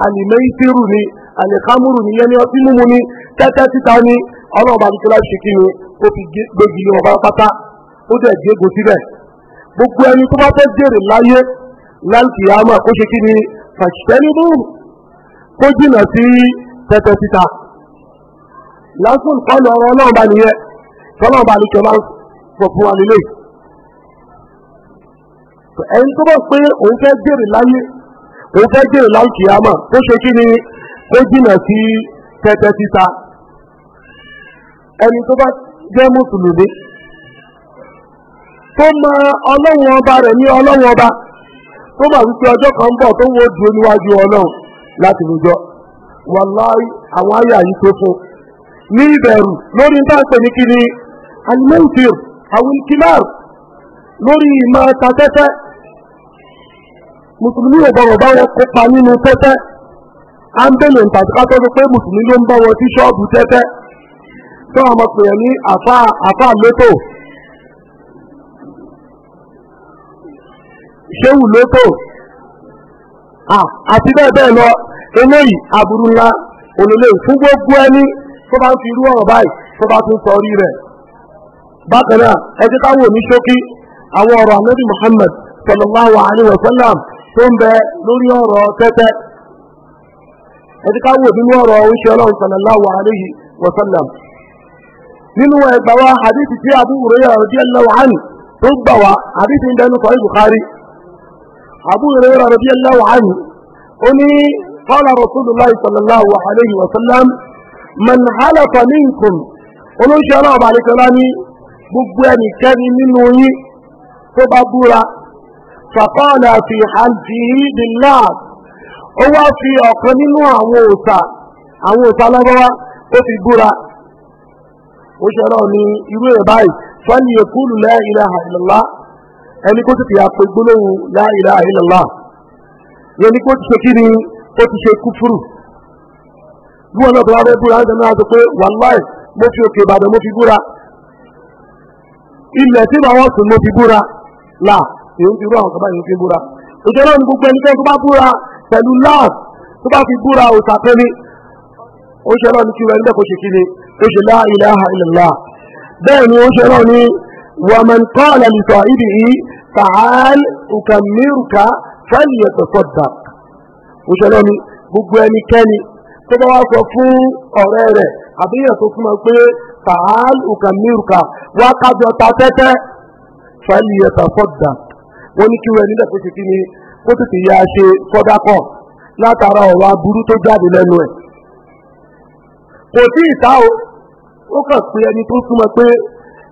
àlìmẹ́ ìfírù ni àlìkámúrù ni yẹni ọtí mímu ni tẹ́tẹ́ títa ni ọlọ́ọ̀bá ní kí láti ṣe kí ni ó ti gbégi lé wọn pátápátá ó dẹ̀ gbégo síbẹ̀ gbogbo ẹni tó bá fẹ́ jèrè láyé láti àmà kó ṣe kí ni fàṣẹ́nìbù kó jìnà sí tẹ́tẹ́ títa lásán kọlu ọ̀rọ̀ náà bá nìyẹn tọ́lọ́ bá nìkan máa ń sọ fún wa nílé ẹni tó bá pé òun fẹ́ jèrè láyé òun fẹ́ jèrè láti àmà kó kí ni kó jìnà sí tẹ́tẹ́ títa ẹni tó bá jẹ́ mùsùlùmí tó mọ ọlọ́run ọba rẹ̀ ní ọlọ́run ọba tó mọ̀ wípé ọjọ́ kan ń bọ̀ tó ń wo dúró níwájú ọlọ́run láti rújọ́ wàláì àwọn ayé àyí tó fún ní ìbẹ̀rù lórí nípa pè ní kíni alimẹ́ǹtìr àwọn ìkìlár lórí ìmọ̀ tatẹ́tẹ́ mùsùlùmí ò bọ̀rọ̀ bá wọn kópa nínú tẹ́tẹ́ à ń bẹ̀rẹ̀ ìtàkùkà tó fi pé mùsùlùmí ló ń bá wọn sí ṣọ́ọ̀bù tẹ́tẹ́ tó àwọn ọmọkùnrin ní àfáà lótò ṣéwù lóko àti bẹ́ẹ̀ bẹ́ẹ̀ lọ eléyìí aburú ńlá olólè fún gbogbo ẹni tó bá ń fi irú ọ̀rọ̀ báyìí tó bá tún sọ orí rẹ̀ bákan náà ẹ jẹ́ ká wò ní ṣókí àwọn ọ̀rọ̀ Ànábì Muhammad sallallahu alaihi wa sallam tó ń bẹ lórí ọ̀rọ̀ tẹ́tẹ́ ẹ jẹ́ ká wò ọ̀rọ̀ oṣù ọlọ́run sallallahu alaihi wa sallam nínú ẹgbàá wa hadith tí Abu Hurairah radiyallahu anhu tó abu hurairah radiyallahu anhu ó ní qala rasulullah sallallahu alayhi wa sallam man halafa minkum olóṣèlú ọlọ́ọ̀bà àdékọ́lá ní gbogbo ẹnikẹ́ni nínú yín tó bá búra fàkọ́ọ̀lá fi hàǹtì billah ó wá fi ọ̀kan nínú àwọn òòṣà àwọn òòṣà lọ́wọ́wá ó fi búra ó ṣe ní irú ẹ̀ báyìí fọ́nì èkúlù la ilaha ẹni kó sì ti àpè gbólóhùn la ilaha illallah yẹn ni kó ti ṣe kí ni ó ti ṣe kúfúrú bí wọn náà bá wàá búra ẹni náà sọ pé wàláì mo fi òkè ìbàdàn mo fi búra ilẹ̀ tí màá wọ́n sùn mo fi búra là èyí ti rú àwọn kaba yìí fi búra ìjọ náà gbogbo ẹnikẹ́ni tó bá búra pẹ̀lú láà tó bá fi búra òsàpẹ́ni ó ṣe náà ni kí wọn ẹni bẹ́ẹ̀ kó ṣe kí ni ó ṣe la ilaha ومن قال لصاحبه تعال أكمرك فليتصدق وشلوني بقواني كاني tó bá wá sọ fún ọ̀rẹ́ rẹ̀ àbíyàn tó súnmọ́ pé fàál ùkàmírùkà wá kájọ ta tẹ́tẹ́ fàálì ẹ̀ta sọ́dà wọ́n ní kí wọ́n nílẹ̀ kó ti kí ni kó tètè ya ṣe sọ́dákọ̀ látara ọ̀rọ̀ aburú tó jáde lẹ́nu ẹ̀. kò tí ì ta o ó kàn pé ẹni tó súnmọ́ pé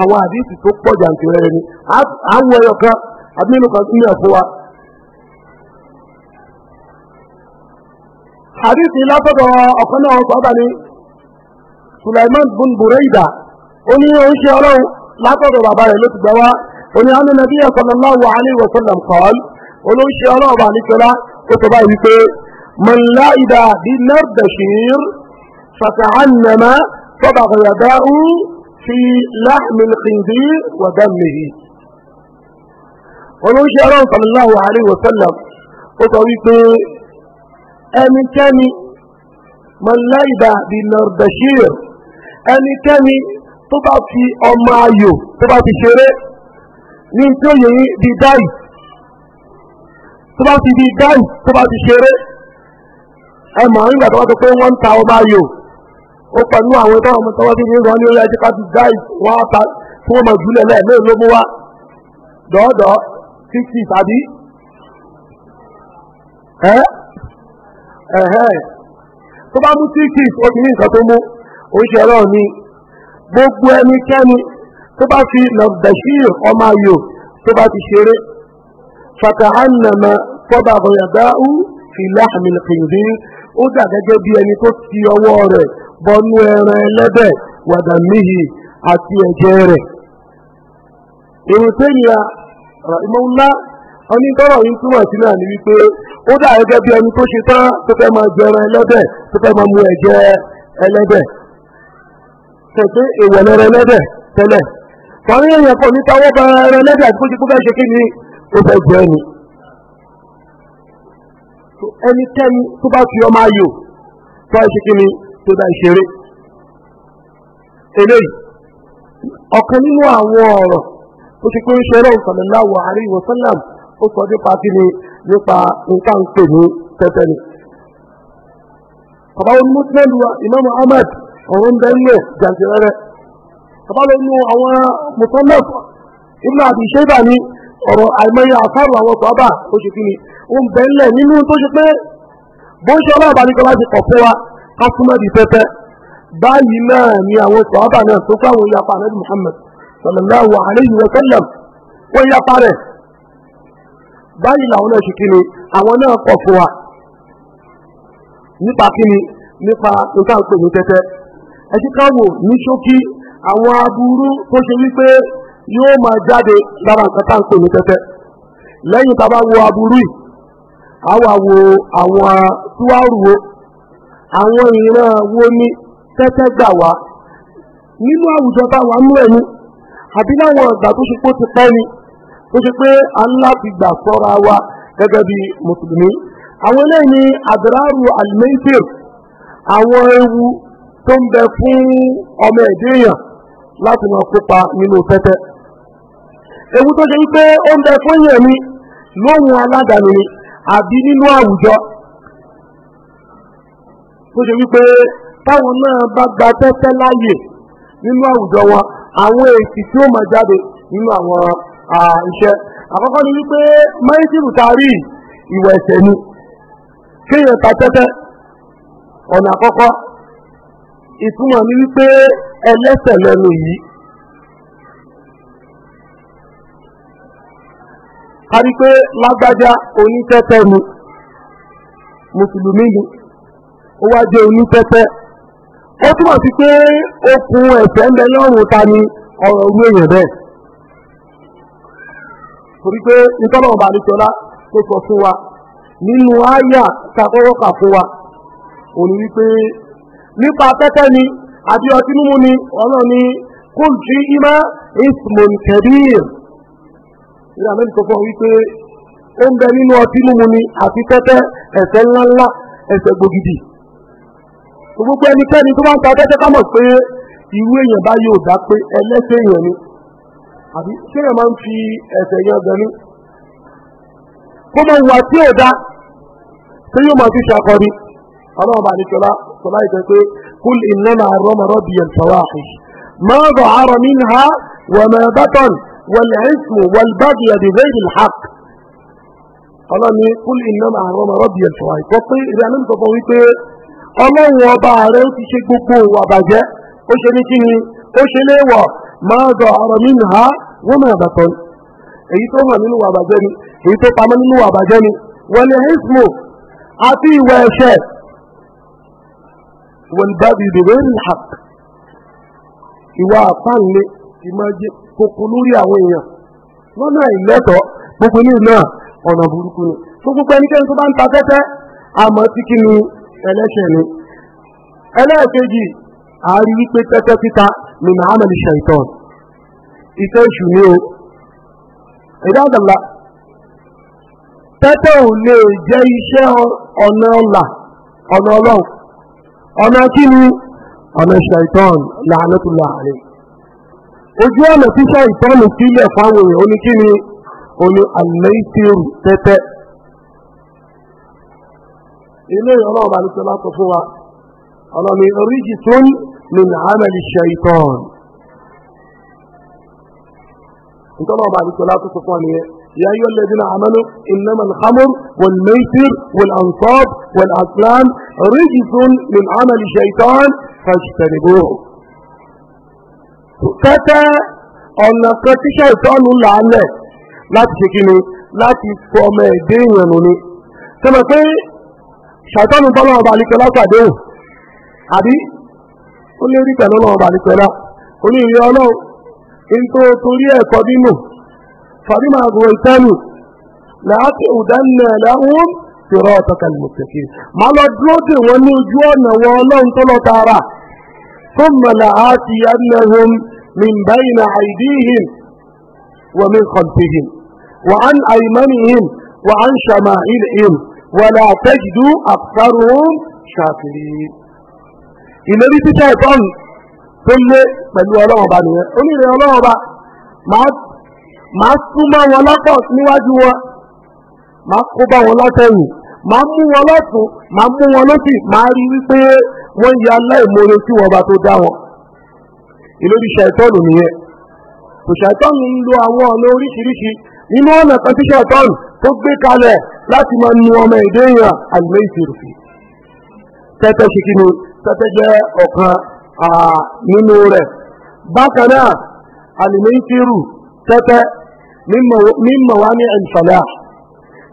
àwọn àdìsí tó pọ̀ jàǹtìrẹ́ ni àwọn ẹyọ kan àbí nínú kan sílẹ̀ fún wa. àdìsí látọ̀dọ̀ ọ̀kan náà sọ́ba ni Sulaiman bin Buraida ó ní oúnjẹ ọlọ́run látọ̀dọ̀ bàbá rẹ̀ ló ti gbà wá ó ní àná nàbí sallallahu alaihi wa sallam qal olóúnjẹ ọlọ́run bá nítorí ó tó báyìí pé man la'ida bi nardashir fata'annama tabagha yadahu fi láàmì ìpìndí wà dámìhì olóńṣẹ́ ọlọ́run sallallahu alaihi wa sallam ó sọ wípé ẹnikẹ́ni mọ̀láìdà bí nàrbẹ̀ṣír ẹnikẹ́ni tó bá fi ọmọ ayò tó bá fi ṣeré ní tí ó yẹ̀yí di dáì tó bá fi di dáì tó bá fi ṣeré ẹ mọ̀ nígbà tó bá tó pé wọ́n ń ta ọmọ ayò ó pẹ̀lú àwọn ẹgbẹ́ ọmọ tọwọ́ bí nínú ní orí ẹjẹ́ káàdì gáì wọ́n ta tí wọ́n mọ̀ jùlẹ̀ lẹ́ẹ̀mẹ́ ló mú wá dọ́ọ̀dọ́ fífi tàbí tó bá mú tíkì ó ti ní nǹkan tó mú oúnjẹ ọlọ́run ni gbogbo ẹnikẹ́ni tó bá fi nàbẹ̀ṣír ọmọ ayò tó bá ti ṣeré fàkàhánàmà tọ́ba àbọ̀yàdá ń fi láàmì kìndín ó dà gẹ́gẹ́ bí ẹni tó ti ọwọ́ rẹ̀ bọ́nú ẹran ẹlẹ́dẹ̀ wàdàmíhì àti ẹ̀jẹ̀ rẹ̀. èròtẹ́yìnà ìmọ̀nlá onítọ́rọ̀ yìí túmọ̀ sí ní wípé ó dà gẹ́gẹ́ bí ẹni tó ṣe tán tó fẹ́ máa jẹ ẹran tó fẹ́ máa mu ẹ̀jẹ̀ ẹlẹ́dẹ̀. tẹ̀sí èèwọ̀ tẹ́lẹ̀. èèyàn bá ẹran àti kó fẹ́ ṣe kí ni tó dá ìṣeré eléyìí ọ̀kan nínú àwọn ọ̀rọ̀ tó ti pé ń ṣe ọlọ́run sallallahu ó sọ nípa kí ni nípa nǹkan ń pè ní tẹ́tẹ́ ni. bàbá Ahmad ń bẹ nílẹ̀ jàǹtìrẹ́rẹ́ bàbá àwọn ọ̀rọ̀ àìmọye àfáàrù àwọn kásúmọ́dì pẹ́pẹ́ báyìí náà ni àwọn sọ̀hábà náà tó fáwọn yapa ànábì Muhammad sallallahu alayhi wa sallam wọ́n yapa rẹ̀ báyìí làwọn náà ṣe kíni àwọn náà kọ̀ fún wa nípa kíni nípa nǹkan pè ní pẹ́pẹ́ ẹ ti ká wò ní ṣókí àwọn aburú tó ṣe wípé yóò máa jáde lára nǹkan tá à ń pè ní pẹ́pẹ́ lẹ́yìn tá a bá wo aburú yìí àwa wo àwọn tí wàá rù wo. àwọn ìran wo ni tẹ́tẹ́ gbà wá nínú àwùjọ táwa ń rẹ̀ ni àbí láwọn tó ṣe pé ó ti pẹ́ ni tó pé a ń láti gbà sọ́ra wa gẹ́gẹ́ bí mùsùlùmí àwọn eléyìí ni àdìrárù alimẹ́ntìr àwọn ewu tó ń bẹ fún ọmọ ẹ̀dẹ́ èèyàn láti máa kópa nínú tẹ́tẹ́ ewu tó ṣe wípé ó ń bẹ fún èèyàn tó ṣe wípé táwọn náà bá gba tẹ́tẹ́ láàyè nínú àwùjọ wọn àwọn èsì tí ó máa jáde nínú àwọn iṣẹ́ àkọ́kọ́ ni wípé mẹ́rìndínlù tarí ìwà ẹ̀ṣẹ̀ ni kéèyàn ta tẹ́tẹ́ ọ̀nà àkọ́kọ́ ìtumọ̀ ni wípé ẹlẹ́ṣẹ̀ lẹ́nu yìí a rí pé lágbájá onítẹ́tẹ́ ni mùsùlùmí ni. ó wá jẹ́ onítẹ́tẹ́ ó túmọ̀ sí pé okùn ẹ̀ṣẹ̀ ń bẹ lọ́rùn ta ni ọ̀rọ̀ orí èèyàn bẹ́ẹ̀ torí pé nítorí ọba àdìsọ́lá tó sọ fún wa nínú àyà takọ́rọ́kà fún wa ò wípé nípa tẹ́tẹ́ ni àti ọtí mímú ni ọ̀nà ni kul fi ima ismun kabir ìrìn àmì ìsọfún wípé ó ń bẹ nínú ọtí mímú ni àti tẹ́tẹ́ ẹ̀ṣẹ̀ ńláńlá ẹ̀ṣẹ̀ gbògidì gbogbo ẹnikẹ́ni tó bá ń ta tẹ́tẹ́ ká mọ̀ pé irú èèyàn bá yóò dá pé ẹlẹ́sẹ̀ èèyàn ni àbí kéèyàn máa ń fi ẹ̀sẹ̀ yẹn gan ni kó mọ ìwà tí ò dá tí yóò máa fi ṣàkọni ọlọ́run bá ní sọlá sọlá pé kúl ìnáná àrọ́mọ̀rọ́ di ẹ̀sọ́wọ́ àfi máa bọ̀ àrọ̀ mi ha wọ̀nà bátọ̀n wọ̀lẹ̀ ẹ̀sùn wọ̀lbàdì ẹ̀dì rẹ́ẹ̀dì hàk ọlọ́run ní kúl ìnáná àrọ́mọ̀rọ́ di ẹ̀sọ́wọ́ àfi kọ́ pé ìrìn ọlọ́run ọba ààrẹ ó ti ṣe gbogbo òwò àbàjẹ́ ó ṣe ní kíni ó ṣe máa ha wọ́n na bàtọ̀ ni èyí tó hàn nínú ni èyí tó pamọ́ nínú ni wọlé ismo àti ìwà ẹ̀ṣẹ̀ wọlbàbí ìdòwé nìhàk ìwà àpáǹlé ìmọ̀jẹ kòkó lórí àwọn èèyàn lọ́nà ìlẹ́tọ̀ gbogbo ní ìlú náà ọ̀nà burúkú ni gbogbo ẹnikẹ́ni tó bá ń ta ẹlẹ́ṣẹ̀ ni ẹlẹ́ẹ̀kejì àárí wípé tẹ́tẹ́ títa ni màámà ní ṣàìtàn ìṣù o ìdádàlá tẹ́tẹ́ ò lè jẹ́ iṣẹ́ ọ̀nà ọ̀là ọ̀nà ọlọ́run ọ̀nà kí ni ọ̀nà shaitan làánàtúlà rẹ̀ ojú ọ̀nà tí ṣàìtàn sílẹ̀ fáwọn èèyàn ó ní kí ni ó àlẹ́ ìṣirò إليه يراب على ثلاثة أنا من رجس من عمل الشيطان انت راب على ثلاثة صورية يا أيها الذين عملوا إنما الخمر والميتر والأنصاب والأسلام رجس من عمل الشيطان فاشتربوه فتا أن قتل الشيطان لعلك لا تشكيني لا تشكيني كما تقول ṣàìtọ́nù tọ́lọ́ ọba àlìkọ́lá pàdé ò àbí ó lé rí pẹ̀lú ọlọ́ọba àlìkọ́lá oní ìlú ọlọ́run in tó torí ẹ̀kọ́ bínú fàdímà àgùrò ìtẹ́nu láti ìdánilẹ̀ lẹ́hún tìrọ ọ̀tọ̀kà ìmọ̀tẹ̀kì má lọ dúró dè wọ́n ní ojú ọ̀nà wọn ọlọ́run tó tààrà tó mọ̀lá àti ẹnẹ́hún min bẹ́yìnà àìdíhìn wọ́n min kọ̀ǹtìhìn wọ́n án àìmánìhìn wọ́n án ṣàmà ìlẹ̀ wàlá àtẹ́jìdú àfárún ṣàkiri. ìlérí títà ìtọ́nù tó lé pẹ̀lú ọlọ́run ọba nìyẹn onírìn ọlọ́run ọba máa súnmọ́ wọn lọ́pọ̀ níwájú wọn máa kó bá wọn látẹ̀yìn máa mú wọn lọ́tún máa mú wọn lósì máa rí wípé wọ́n ya aláìmoore tí wọn bá tó dá wọn. ìlérí ṣàìtọ́nù nìyẹn kò ṣàìtọ́nù ń lo àwọn ọ̀nà oríṣiríṣi nínú ọ̀nà kan tí ṣẹ̀tọ́n tó gbé kalẹ̀ láti máa nu ọmọ èdè èèyàn àìlẹ́ ìfèrèfè tẹ́tẹ́ ṣe kí ni tẹ́tẹ́ jẹ́ ọ̀kan nínú rẹ̀ bákan náà àìlẹ́ ìfèrù tẹ́tẹ́ mímọ̀ wá ní ẹ̀ǹfàlẹ́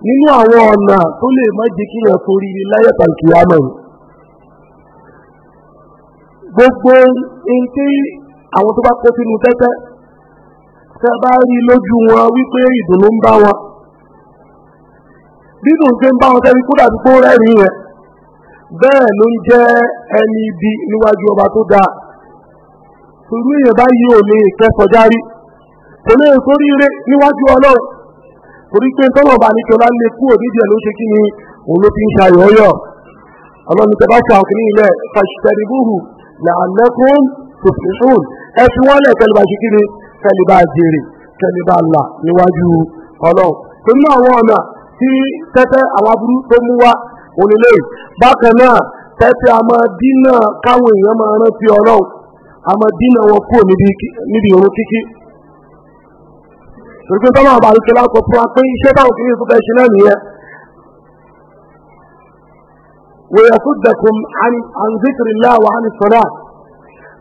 nínú àwọn ọ̀nà tó lè má jẹ́ kí wọ́n torí láyé tàǹkìyàmọ̀ gbogbo ẹni àwọn tó bá kó sínú tẹ́tẹ́ tẹ bá rí lójú wọn wípé ìdùnnú ń bá wọn dídùn ṣe ń bá wọn tẹ́lẹ̀ kó dàbí kó rẹ́rìn yẹn bẹ́ẹ̀ ló ń jẹ́ ẹni ibi níwájú ọba tó dáa torí èèyàn báyìí ò lè kẹ́kọ̀ọ́já rí kò lè sórí ire níwájú ọlọ́run torí pé tọ́lọ̀ bá ní tọ́lá lè kú òdídìí ẹ̀ ló ṣe kí ni òun ló fi ń ṣayọ̀ ọyọ̀ ọlọ́run tẹ bá fọ àkíní ilẹ̀ fàṣìtẹ̀rìbùhù làálẹ́kùn tòfìṣùn ẹ fi wọ́n lẹ̀ tẹ́lẹ̀ ni kẹ́lí bá jèrè kẹ́lí bá là níwájú ọlọ́run torí àwọn ọ̀nà tí tẹ́tẹ́ àwọn aburú tó mú wá onílé bákan náà tẹ́tẹ́ a máa dínà káwọn èèyàn máa rántí ọlọ́run a máa dínà wọn kúrò níbi ìrun kíkí torípé tọ́lá ọba àlùkẹ́ lákọ̀ọ́ fún wa pé iṣẹ́ táwọn kìíní tó fẹ́ náà nìyẹn wòyẹ̀kúdẹ̀kùn àǹzíkìrìlá wà á ní sọ́dá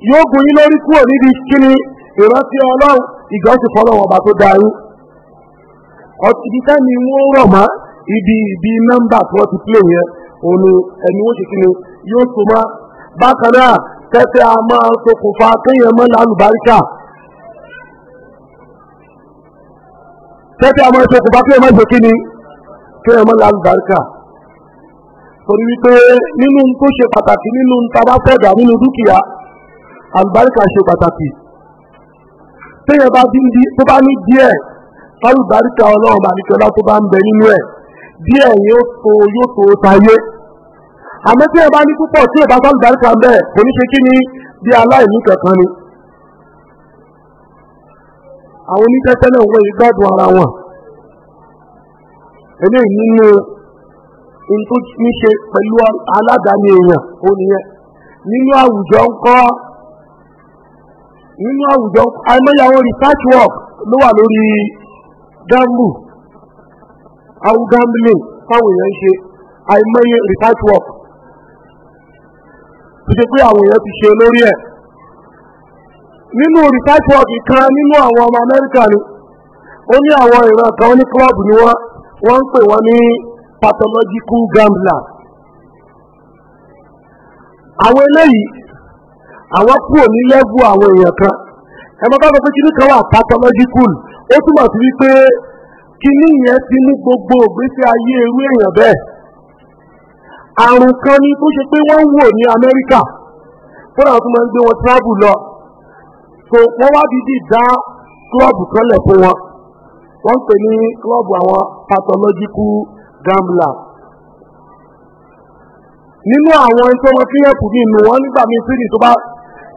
yóò gùn yín lórí kúrò níbi kíni ìrántí ọlọ́run ìjọsìn fọlọ́wọ́ ọba tó darí ìdíkẹ́ ni wọ́n rọ̀ mọ́ ibi ibi nọ́mbà tí wọ́n ti pè yẹn òun ni ẹni wọ́n ti kí ni yóò so mọ́ bákan náà tẹ́tẹ́ a máa ṣokùnfà kéèyàn mọ́ lálùbáríkà tẹ́tẹ́ a máa ṣokùnfà kéèyàn mọ́ ṣokí ni kéèyàn mọ́ lálùbáríkà torí wípé nínú tó ṣe pàtàkì nínú tabafẹ́dà nínú dúkìá àlùbáríkà ṣe pàtàkì téèyàn bá bí ní tó bá ní díẹ̀ fálùbáríkà ọlọ́run bá nìkan láti bá ń bẹ nínú ẹ̀ díẹ̀ yóò tó yóò tó tayé àmọ́ téèyàn bá ní púpọ̀ tí ìbá fálùbáríkà ń bẹ kò ní ṣe kí ni bí aláìní kankan ni àwọn oníkẹ́kẹ́ náà wọ́n ìgbádùn ara wọn eléyìí nínú ohun tó ní ṣe pẹ̀lú aládàáni èèyàn ó nìyẹn nínú àwùjọ ń kọ́ nínú àwùjọ àìmọye àwọn research work ló wà lórí gamble àwọn gambling fáwọn èèyàn ṣe àìmọye research work tó ṣe pé àwọn èèyàn ti ṣe lórí ẹ̀ nínú research work kan nínú àwọn ọmọ amẹ́ríkà ni ó ní àwọn ìran kan ní ni wọ́n wọ́n ń pè wọ́n ní pathological gambler àwọn eléyìí àwọn kúrò ní lẹ́bù àwọn èèyàn kan ẹ máa bá sọ pé kíní kan wà pathological ó túmọ̀ sí wípé kíní yẹn ti ní gbogbo ìgbésí ayé irú èèyàn bẹ́ẹ̀ àrùn kan ni tó ṣe pé wọ́n wò ní Amẹ́ríkà fúnra tó máa ń gbé wọn travel lọ so wọ́n wá dídì dá klọ́ọ̀bù kan lẹ̀ fún wọn wọ́n ń pè ní klọ́ọ̀bù àwọn pathological gambler nínú àwọn ẹni tó wọn fi hẹ̀kù nígbà míì sí ni tó bá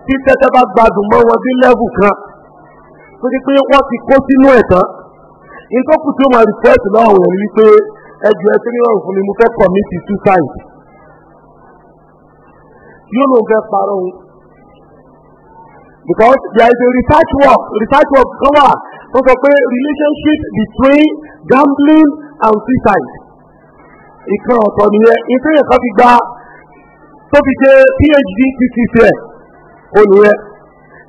tí tẹ́tẹ́ bá gbádùn mọ́ wọn dé lẹ́bù kan tó ti pé wọ́n ti kó sínú ẹ̀ tán ìtọ́kù tí ó máa rìpẹ́ẹ̀tì lọ́wọ́ rẹ̀ ni pé ẹjọ́ ẹ tẹ́lẹ̀ rọrùn fún mi mo fẹ́ kọ̀mítì suicide yóò lóun fẹ́ parọ́ òun because there is a research work research work kan wà tó sọ pé relationship between gambling and suicide ìkan ọ̀tọ̀ nìyẹn ìtẹ́yẹ̀ kan fi gba tó fi ṣe phd ti ti ṣe onìyẹn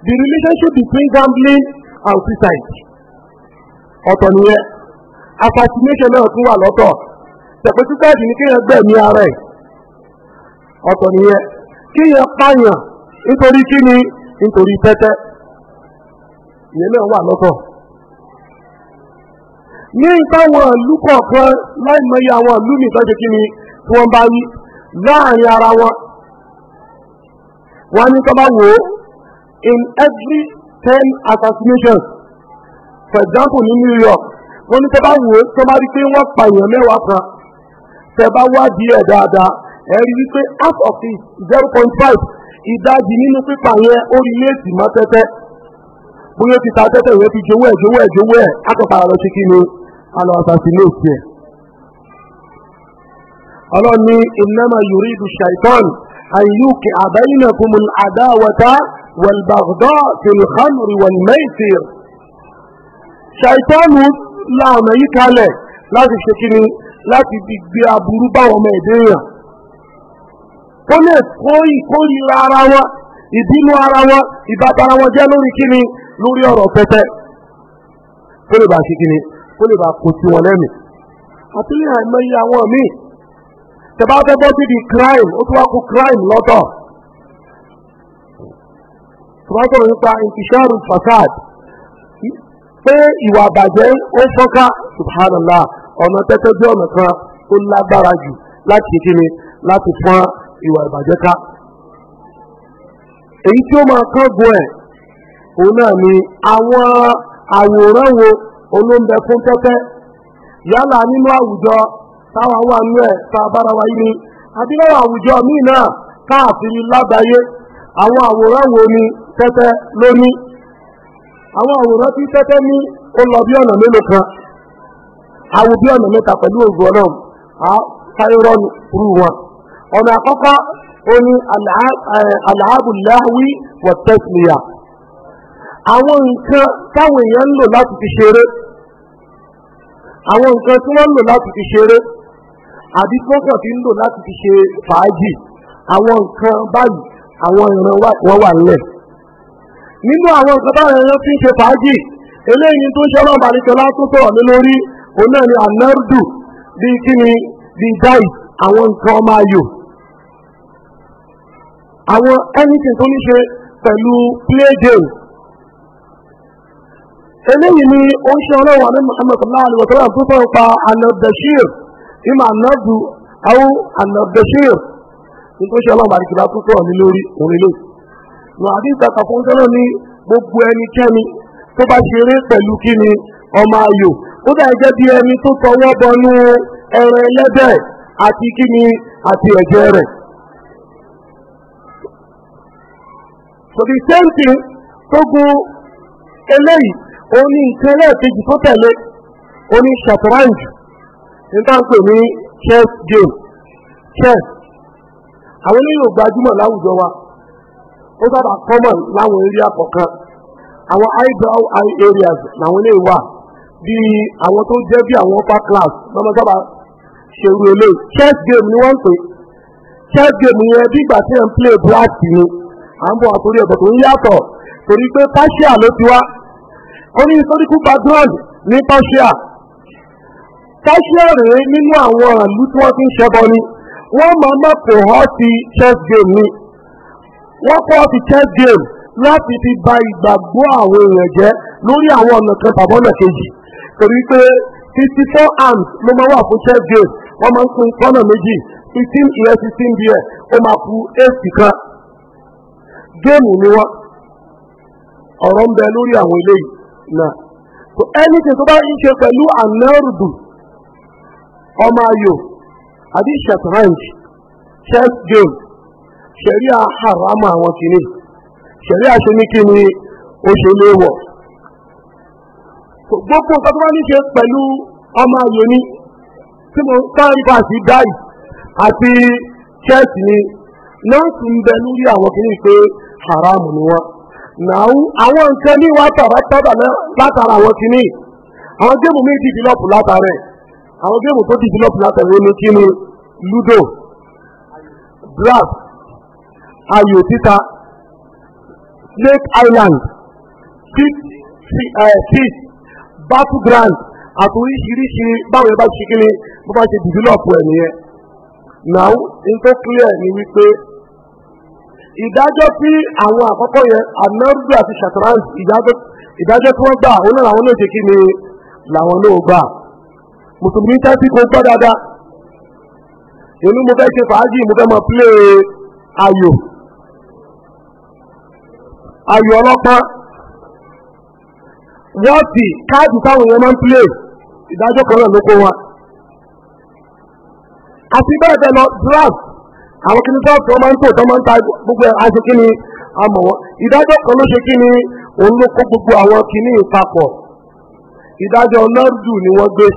the relationship between gambling and suicide ọ̀tọ̀ nìyẹn assassination náà tún wà lọ́tọ̀ tẹ̀pẹ́ suicide ní kéèyàn gbẹ̀mí ara ẹ̀ ọ̀tọ̀ nìyẹn kéèyàn pààyàn nítorí kíni nítorí tẹ́tẹ́ ìyẹn náà wà lọ́tọ̀ ní ìtàwọn ìlú kọ̀ọ̀kan àwọn ìlú láàrin ara wọn wọ́n ní tọ́ba wò ó in every ten assassinations for example ní New York wọ́n ní tọ́ba wò ó tọ́ba rí pé wọ́n pa èèyàn mẹ́wàá kan tẹ́bá wádìí ẹ̀ dáadáa ẹ̀ rí wípé half of it zero point five ìdajì nínú pípa yẹn ó rí léèsì mọ́ tẹ́tẹ́ bóyá ti ta tẹ́tẹ́ yẹn ti jowó ẹ̀ jowó ẹ̀ jowó ẹ̀ akọ̀pá lọ sí kí ni alọ́ assassinate ẹ̀. ọlọ́run ní ìnáma yorùbá ṣàìtọ́nù. أن يوقع بينكم العداوة والبغضاء في الخمر والميسر شيطان لا ميكالي لا تشكيني لا تبقى أبوروبا وميديا ó lè kó ìkórìíra ara wọn ìbínú ara wọn ìbábara wọn jẹ́ lórí kíni lórí ọ̀rọ̀ pẹ́pẹ́ tó lè bá ṣe kíni tó lè bá kó tẹ̀bá fẹ́ bọ́ síbi crime ó tún wá kú crime lọ́tọ̀ tẹ̀bá sọ̀rọ̀ nípa ìṣẹ́rù fasad pé ìwà àbàjẹ́ ó fọ́nká subhanallah ọ̀nà tẹ́tẹ́ bí ọ̀nà kan ó lágbára jù láti kíni láti fọ́n ìwà ìbàjẹ́ ká èyí tí ó máa kán gun ẹ̀ òun náà ni àwọn àwòrán wo olóńgbẹ fún tẹ́tẹ́ yálà nínú àwùjọ táwa wà nú ẹ̀ tá a bára wa yí ni àbí àwùjọ míì náà káàkiri lágbàáyé àwọn àwòrán wo ni tẹ́tẹ́ lónìí àwọn àwòrán tí tẹ́tẹ́ ní ó lọ bí ọ̀nà mélòó kan àwò bí ọ̀nà mẹ́ta pẹ̀lú ògùn ọ̀nà àtàírọ̀ rú wọn ọ̀nà àkọ́kọ́ ó ní aláàbùláwí eh, wọ̀tẹ́sìlìyà àwọn nǹkan táwọn èèyàn ń fi ṣeré àbí kọ́kọ̀ tí ń lò láti fi ṣe fàájì àwọn nǹkan báyìí àwọn ìran wọn wà nílẹ̀ nínú àwọn nǹkan báyìí ẹran fi ń ṣe fàájì eléyìí tó ń ṣe ọlọ́ọ̀bà nìkọlá tó sọ̀rọ̀ lé lórí òun náà ni anardu bíi kíni bíi dáì àwọn nǹkan ọmọ ayò àwọn anything tó ní ṣe pẹ̀lú play eléyìí ni ó ń ṣe ọlọ́wà ní Muhammad sallallahu alaihi tó sọ̀rọ̀ pa anabdashir ìmọ̀ ànábù àwọn ànàbẹ̀ṣẹ́yọ̀ ní tó ṣe ọlọ́run àdìgbà púpọ̀ ní lórí òun ilé wọn àbí ìgbàkà fún tẹ́lẹ̀ ní gbogbo ẹnikẹ́ni tó bá ṣeré pẹ̀lú kí ni ọmọ ayò ó dà jẹ́ bí ẹni tó tọwọ́ bọnú ẹran ẹlẹ́dẹ̀ àti kí ni àti ẹ̀jẹ̀ rẹ̀ so the same thing tó gun eléyìí òun ní ìtẹ́lẹ̀ kejì tó tẹ̀lé òun ní ṣàtúráǹjì nígbà pè ní chess game chess àwọn oníyòó gbajúmọ̀ láwùjọ wa ó sábà common láwọn area kọ̀ọ̀kan areas làwọn eléyìí wà bí àwọn tó jẹ́ bí àwọn upper class lọ́mọ sábà chess game ni wọ́n ń chess game yẹn bí ìgbà tí ẹ̀ ń play black ni à ń bọ̀ àtòrí ọ̀tọ̀ tó ń yàtọ̀ torí pé Persia ló ti wá ó Táṣíà rèé nínú àwọn ìlú tí wọ́n ti ń ṣẹbọ ni wọ́n máa má họ́ ti chess game ni wọ́n kọ́ ti chess game láti fi ba ìgbàgbọ́ àwọn èèyàn jẹ́ lórí àwọn ọ̀nà kan tàbí ọ̀nà kejì torí pé fifty four arms ló máa wà fún chess game wọ́n máa ń pín kọ́nà méjì fifteen ìyẹn fifteen bíẹ̀ ó máa ku eight kan géèmù ni wọ́n ọ̀rọ̀ ń bẹ lórí àwọn eléyìí náà so tó bá ń ṣe pẹ̀lú anẹ́rùdù Ọmọ ayo shatranj chess game ṣẹ̀ríà haram àwọn kìíní ṣẹ̀ríà ṣe ní gbogbo nǹkan tó bá pẹlu ṣe pẹ̀lú ní tí mo ń bá àti ni nọ́ọ̀sì ń bẹ lórí àwọn kìíní pé haram ni nàáwó àwọn nǹkan ní wàá tàbátàbà látara àwọn kìíní àwọn géèmù látara ẹ̀ àwọn géèmù tó develop látẹ̀wé ní kí ni ludo grass, ayò títa Lake island fish eh, fish battle ground àti oríṣiríṣi báwo ẹ bá ṣe kí ni bó bá ṣe develop ẹ̀ nìyẹn now n tó clear ni wípé ìdájọ́ tí àwọn àkọ́kọ́ yẹn anọ́rùdù àti ṣàtúránsì ìdájọ́ tí wọ́n gbà òun náà làwọn náà ṣe kí ni làwọn náà gbà. mùsùlùmí tẹ́sí kò gbọ́ dáadáa èmi mo fẹ́ ṣe fàájì mo fẹ́ mọ pílé ayò ayò ọlọ́pàá wọ́ọ̀tì káàdì táwọn èèyàn máa ń pílé ìdájọ́ kan náà ló kó wọn àti bẹ́ẹ̀ bẹ́ẹ̀ lọ draft àwọn kìnnìún draft wọn máa ń tò tán máa ń ta gbogbo aṣọ kìnnì àmọ́ wọn ìdájọ́ kan gbogbo àwọn kìnnì ìdájọ́ ni wọ́n gbé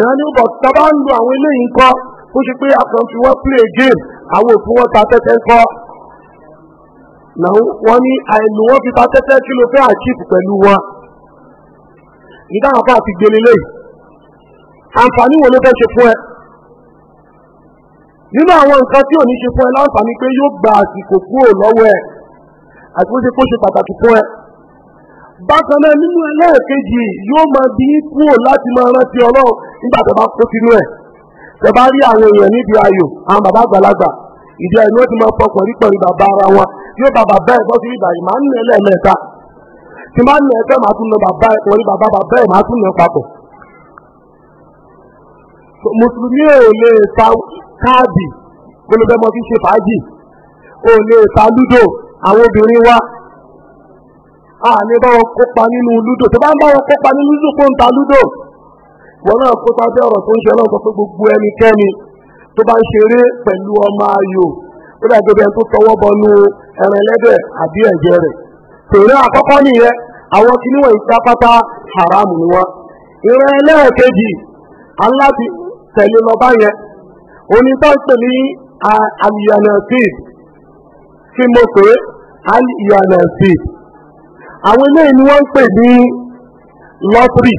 àwọn ní bọ̀ tá ń lo àwọn eléyìí ńkọ́ ṣe pé play game àwọn òfin ta tẹ́tẹ́ ńkọ́ wọ́n ní wọn fi ta tẹ́tẹ́ kí ló fẹ́ àchíìpù pẹ̀lú wọn ìdáhàfà àti gbélé lẹ́yìn àǹfààní wo ló fẹ́ ṣe fún ẹ nínú àwọn nǹkan tí gba àsìkò kúrò lọ́wọ́ ẹ àti ṣe kó ṣe pàtàkì fún ẹ bákan náà nínú ẹlẹ́ẹ̀kejì yóò máa bí kúrò láti máa nígbà tó bá kó sínú ẹ̀ tẹ bá rí àwọn èèyàn níbi ayò àwọn bàbá àgbàlagbà ìdí ẹni ó ti máa fọ pẹ̀lú pẹ̀lú bàbá ara wọn yóò bàbá bẹ́ẹ̀ bọ́ sí ìgbà yìí máa ń nà ẹlẹ́ẹ̀mẹ́ta tí máa ń nà ẹ̀fẹ́ máa tún nà bàbá ẹ̀ pẹ̀lú bàbá bàbá ẹ̀ máa tún nà papọ̀. mùsùlùmí ò lè ta káàdì kó ló fẹ́ mọ fi ṣe fàájì ò lè ta lúdò àwọn obìnrin wa àní bá wọn kópa nínú lúdò tó bá ń bá wọn kópa nínú lúdò kó ń ta lúdò wọn náà kó bá bẹ́ẹ̀ ọ̀rọ̀ tó ń ṣe ọlọ́run sọ pé gbogbo ẹnikẹ́ni tó bá ń ṣeré pẹ̀lú ọmọ ayò ó dàbí ẹni tó tọwọ́ bọnú ẹran ẹlẹ́dẹ̀ àbí ẹ̀jẹ̀ rẹ̀ tèrè àkọ́kọ́ nìyẹn àwọn kìíní wọ̀nyí pátápátá haramu ni wọn ìran ẹlẹ́ẹ̀kejì aláti tẹ̀lé lọ́ba yẹn onítọ́sẹ̀ ní alìyànàfíìd tí mo pè é àwọn eléyìí ni wọ́n pè ní lọ́tírì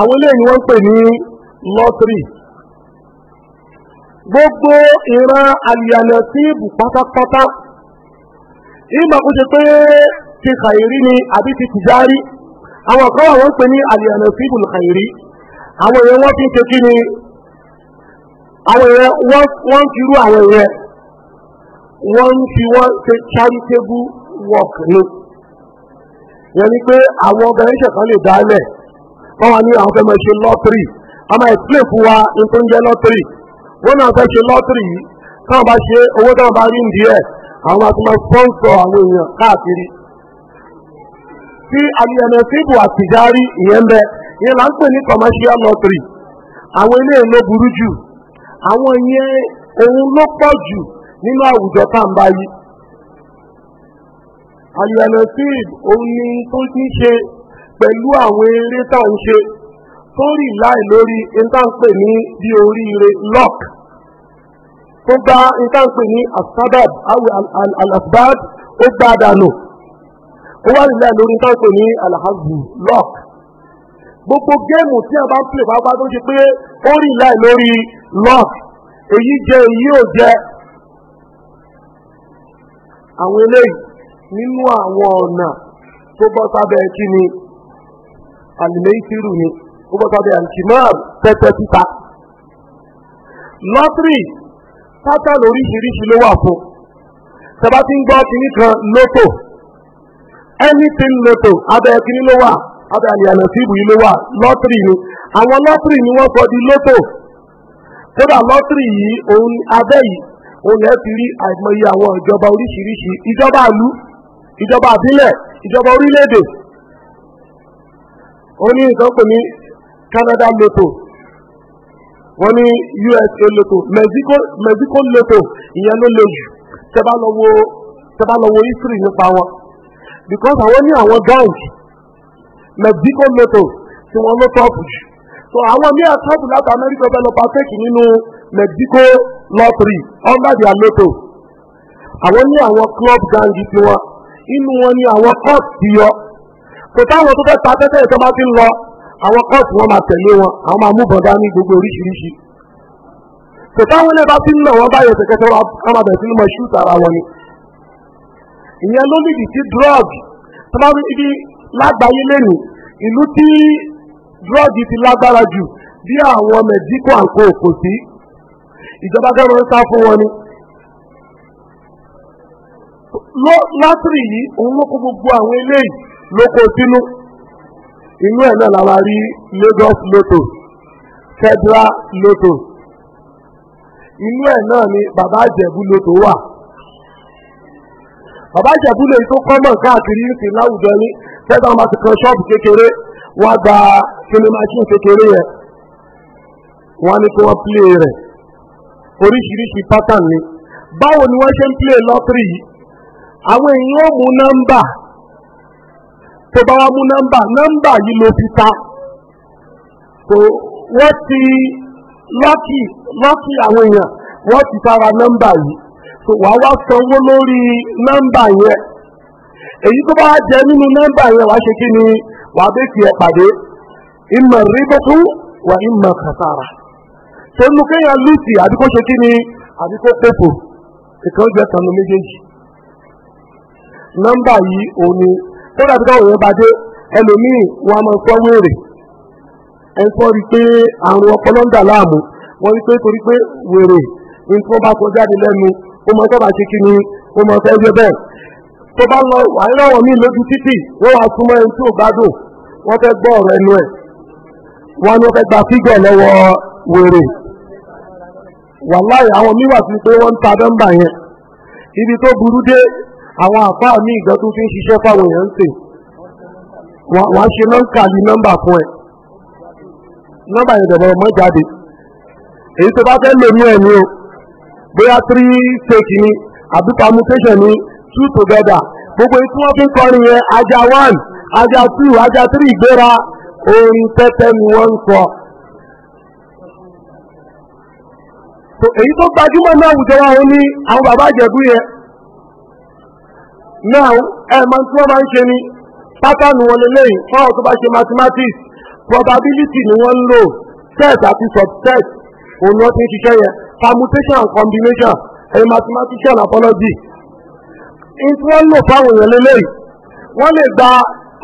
àwọn ilé ni wọ́n pè ní lọ́tírì gbogbo ìran àlìyànlẹ̀ sí ìbù pátápátá ìgbà kó ṣe pé ti kàìrí ni àbí ti tìjárí àwọn wà wọ́n pè ní àlìyànlẹ̀ sí ìbù kàìrí àwọn èèyàn wọ́n fi ń ṣe kí ni àwọn èèyàn wọ́n ń firú àwọn èèyàn wọ́n ń fi wọ́n ṣe wọ́n wá ní àwọn fẹ́ máa ṣe a máa explain fún wa nke tó ń jẹ́ lọ́tírì wọ́n náà fẹ́ ṣe lọ́tírì yìí táwọn bá ṣe owó táwọn bá rí ń díẹ̀ àwọn àti máa sponsor àwọn èèyàn káàkiri tí àmìyànà síbù àtìjárí ìyẹn ń bẹ ìyẹn là ń pè ní commercial lottery àwọn ilé ìlú burú jù àwọn ìyẹn òun ló pọ̀ jù nínú àwùjọ òun ni tó ṣe pẹ̀lú àwọn eré tá à ń ṣe tó rí láì lórí ìtànpè ní bí oríire lock tó gba ìtànpè ní asabab awi alasbab ó gba dànù ó wá rí láì lórí ìtànpè ní alhazu lock gbogbo géèmù tí a bá ń pè pápá tó ṣe pé ó rí láì lórí lock èyí jẹ èyí ò jẹ àwọn eléyìí nínú àwọn ọ̀nà tó bọ́ sábẹ́ kí ni. àlùmẹ́sìrù ni ó bọ́ sábẹ́ àǹtìmọ́ọ̀rù tẹ́tẹ́ títa lọ́tírì pátá lóríṣiríṣi ló wà fún tẹ́bá ti ń gbọ́ kínní kan lótò anything lótò abẹ́ kínní ló wà abẹ́ àníyànà síbù yìí ló wà lọ́tírì ni àwọn lọ́tírì ni wọ́n sọ di lótò kódà lọ́tírì yìí òun abẹ́ yìí òun lẹ́ fi rí àìmọye àwọn ìjọba oríṣiríṣi ìjọba àlú ìjọba àbílẹ̀ ìjọba orílẹ̀-èdè ó ní ní Canada lotto wọ́n USA lotto Mexico Mexico lotto ìyẹn ló le jù tẹ́bá lọ wo history nípa wọn because àwọn ní àwọn bank Mexico lotto tí wọ́n ló tọ́pù jù so àwọn ní àtọ́pù láti America bẹ́ẹ̀ lọ bá tẹ́kì nínú Mexico lottery under their lotto àwọn ní àwọn club gang tiwọn inú wọn ní àwọn cup ti yọ. kò táwọn tó fẹ́ ta tẹ́tẹ́ ìtọ́ máa ti ń lọ àwọn kọ́ọ̀tù wọn máa tẹ̀lé wọn àwọn máa mú bọ̀dá ní gbogbo oríṣiríṣi kò táwọn ilé bá ti ń lọ wọn báyọ̀ tẹ̀kẹ́tẹ́ wọn máa bẹ̀rẹ̀ sí ní mọ ṣúùtù ara wọn ni. ìyẹn ló nídìí tí drug tó bá rí bí lágbàáyé lẹ́nu ìlú tí drug ti lágbára jù bí àwọn mẹ̀díkù àǹkó kò sí ìjọba gẹ́gẹ́ ń sá fún wọn ni látìrì yìí òun ló kó gbogbo àwọn eléyìí lóko sínú inú ẹ̀ náà làwọn rí Lagos Lotto Federal Lotto inú ẹ̀ náà ni Baba àjẹ̀bú Lotto wà Baba àjẹ̀bú lè tó kọ́mọ̀ káàkiri ìsìn láwùjọ ní fẹ́ẹ́ Shop kekere kékeré wọ́n á gba kílímàṣín kékeré yẹn wọ́n ni báwo ni wọ́n ṣe ń play lottery yìí àwọn èèyàn tó bá wá mú nọ́mbà nọ́mbà yìí ló fi ta so wọ́n ti lọ́kì lọ́kì àwọn èèyàn wọ́n ti tara nọ́mbà yìí so wàá wá sanwó lórí nọ́mbà yẹn èyí tó bá jẹ nínú nọ́mbà yẹn wàá ṣe kí ni wàá bẹ́ẹ̀ tiẹ̀ pàdé ìmọ̀ rìbọ̀tún wà ìmọ̀ kàtàrà tó nu kéèyàn lùtì àdúgbò ṣe kí ni àdúgbò pépò ìkànnì jẹ́ tanu méjèèjì nọ́mbà yìí òun ni ó dàbí káwọn èèyàn bá dé ẹlòmíì wọn a máa sọ wéèrè ẹ ń sọ rí pé àrùn ọpọlọ ń dà láàmú wọn rí pé torí pé wèrè ní tí wọn bá sọ jáde lẹ́nu ó máa sábà ṣe kí ni ó máa fẹ́ yẹ bẹ́ẹ̀ tó bá lọ àìráwọ̀ míì lójú títì wọ́n wá súnmọ́ ẹni tí ò gbádùn wọ́n fẹ́ gbọ́ ọ̀rọ̀ ẹnu ẹ̀ wọ́n ní wọ́n fẹ́ gba fígọ̀ lọ́wọ́ wèrè wàláì àwọn míì wà sí pé wọ́n ń ta dọ́mbà yẹn ibi tó burú dé àwọn àpá ní ìgbà tó fi ń ṣiṣẹ́ fáwọn èèyàn ń tè wàá ṣe nọ́ńkà ní nọ́mbà fún ẹ nọ́mbà yẹn dẹ̀bọ̀rọ̀ mọ́ jáde èyí tó bá fẹ́ lò ní ẹ̀mí o bóyá three take ni àbí permutation ni two together gbogbo èyí tí wọ́n fi ń kọrin yẹn ajá one ajá two ajá three ìgbéra orin tẹ́tẹ́ ni wọ́n ń sọ. èyí tó gbajúmọ̀ náà àwùjọ wa ó ní àwọn bàbá ìjẹ̀bú yẹn Now ẹ̀mọ́ tí wọ́n bá ń ṣe ni pátánù wọn lélẹ́yìn fáwọn tó bá ṣe mathematics probability ni wọ́n ń lò test àti subtest òun wọ́n ti ń ṣiṣẹ́ yẹn permutation and combination ẹ̀yìn mathematician apology in tí wọ́n lò fáwọn èèyàn lélẹ́yìn wọ́n lè gba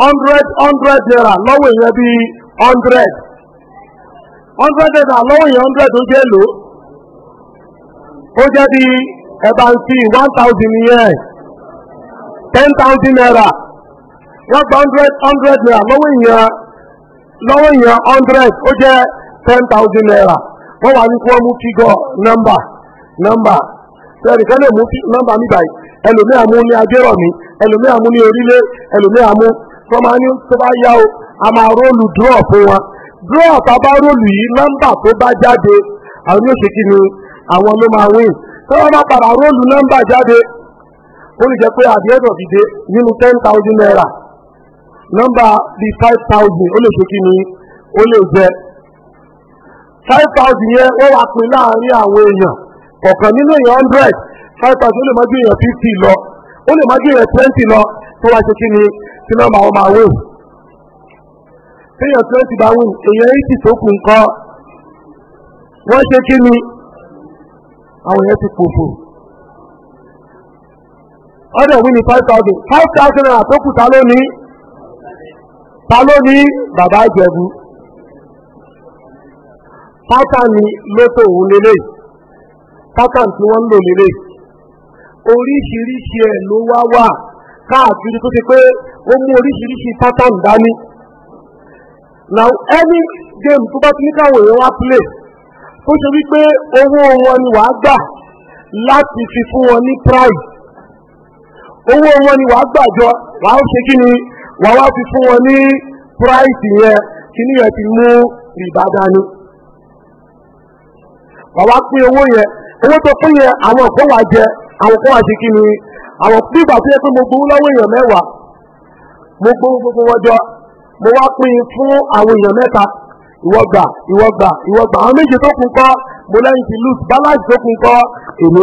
hundred hundred naira lọ́wọ́ èèyàn bíi hundred hundred naira lọ́wọ́ èèyàn hundred ó jẹ́ lò ó jẹ́ bíi ẹ̀bà ń fi one thousand yẹn. ten thousand naira wọ́n hundred hundred naira lọ́wọ́ èèyàn lọ́wọ́ èèyàn hundred ó jẹ́ ten naira wọ́n wà ní kí wọ́n mú fígọ̀ nọ́mbà nọ́mbà sẹ́ni lè mú nọ́mbà mi báyìí ẹlòmíà mú ní ajérò mi ẹlòmíà amu. ní orílẹ̀ ẹlòmíà mú tó máa ní tó a máa róòlù dúró fún wọn yìí nọ́mbà tó bá jáde àwọn yóò ṣe kí ni àwọn ló máa wí tó wọ́n bá padà ó lè jẹ́ pé of nínú naira di five thousand ó lè ni ó lè jẹ́ five thousand yẹn wọ́n wá pín láàrin àwọn èèyàn kọ̀ọ̀kan nínú èèyàn hundred five thousand ó lè má èèyàn fifty lọ ó lè má ju èèyàn lọ tó wá ṣe ni tí nọ́mbà wọn máa wò téèyàn twenty bá wù èèyàn eighty tó kù nǹkan ni àwọn èèyàn ti pòfò. ọdẹ wí ní five thousand five thousand naira tó kù ta ló ní ta ló ní bàbá ìjẹ̀bú pátánì lóto òun lélẹ̀ pátánì tí wọ́n ń lò lélẹ̀ oríṣiríṣi ẹ̀ ló wá wà káàkiri tó ti pé ó mú oríṣiríṣi pátánì dání now any game tó bá ti ní káwọn èèyàn wá play tó ṣe wípé owó wọn ni wàá gbà láti fi fún wọn ní prize owó wọn ni wàá gbàjọ wàá ṣe kí ni wàá wá fi fún wọn ní price yẹn kí ni ti mú rìbá dání wàá wá pín owó yẹn owó tó pín yẹn àwọn wàá jẹ àwọn kan wàá ṣe kí ni àwọn pín ìgbà tó yẹ pé mo èèyàn mẹ́wàá mo gbowó gbogbo wọn jọ mo pín fún àwọn èèyàn mẹ́ta àwọn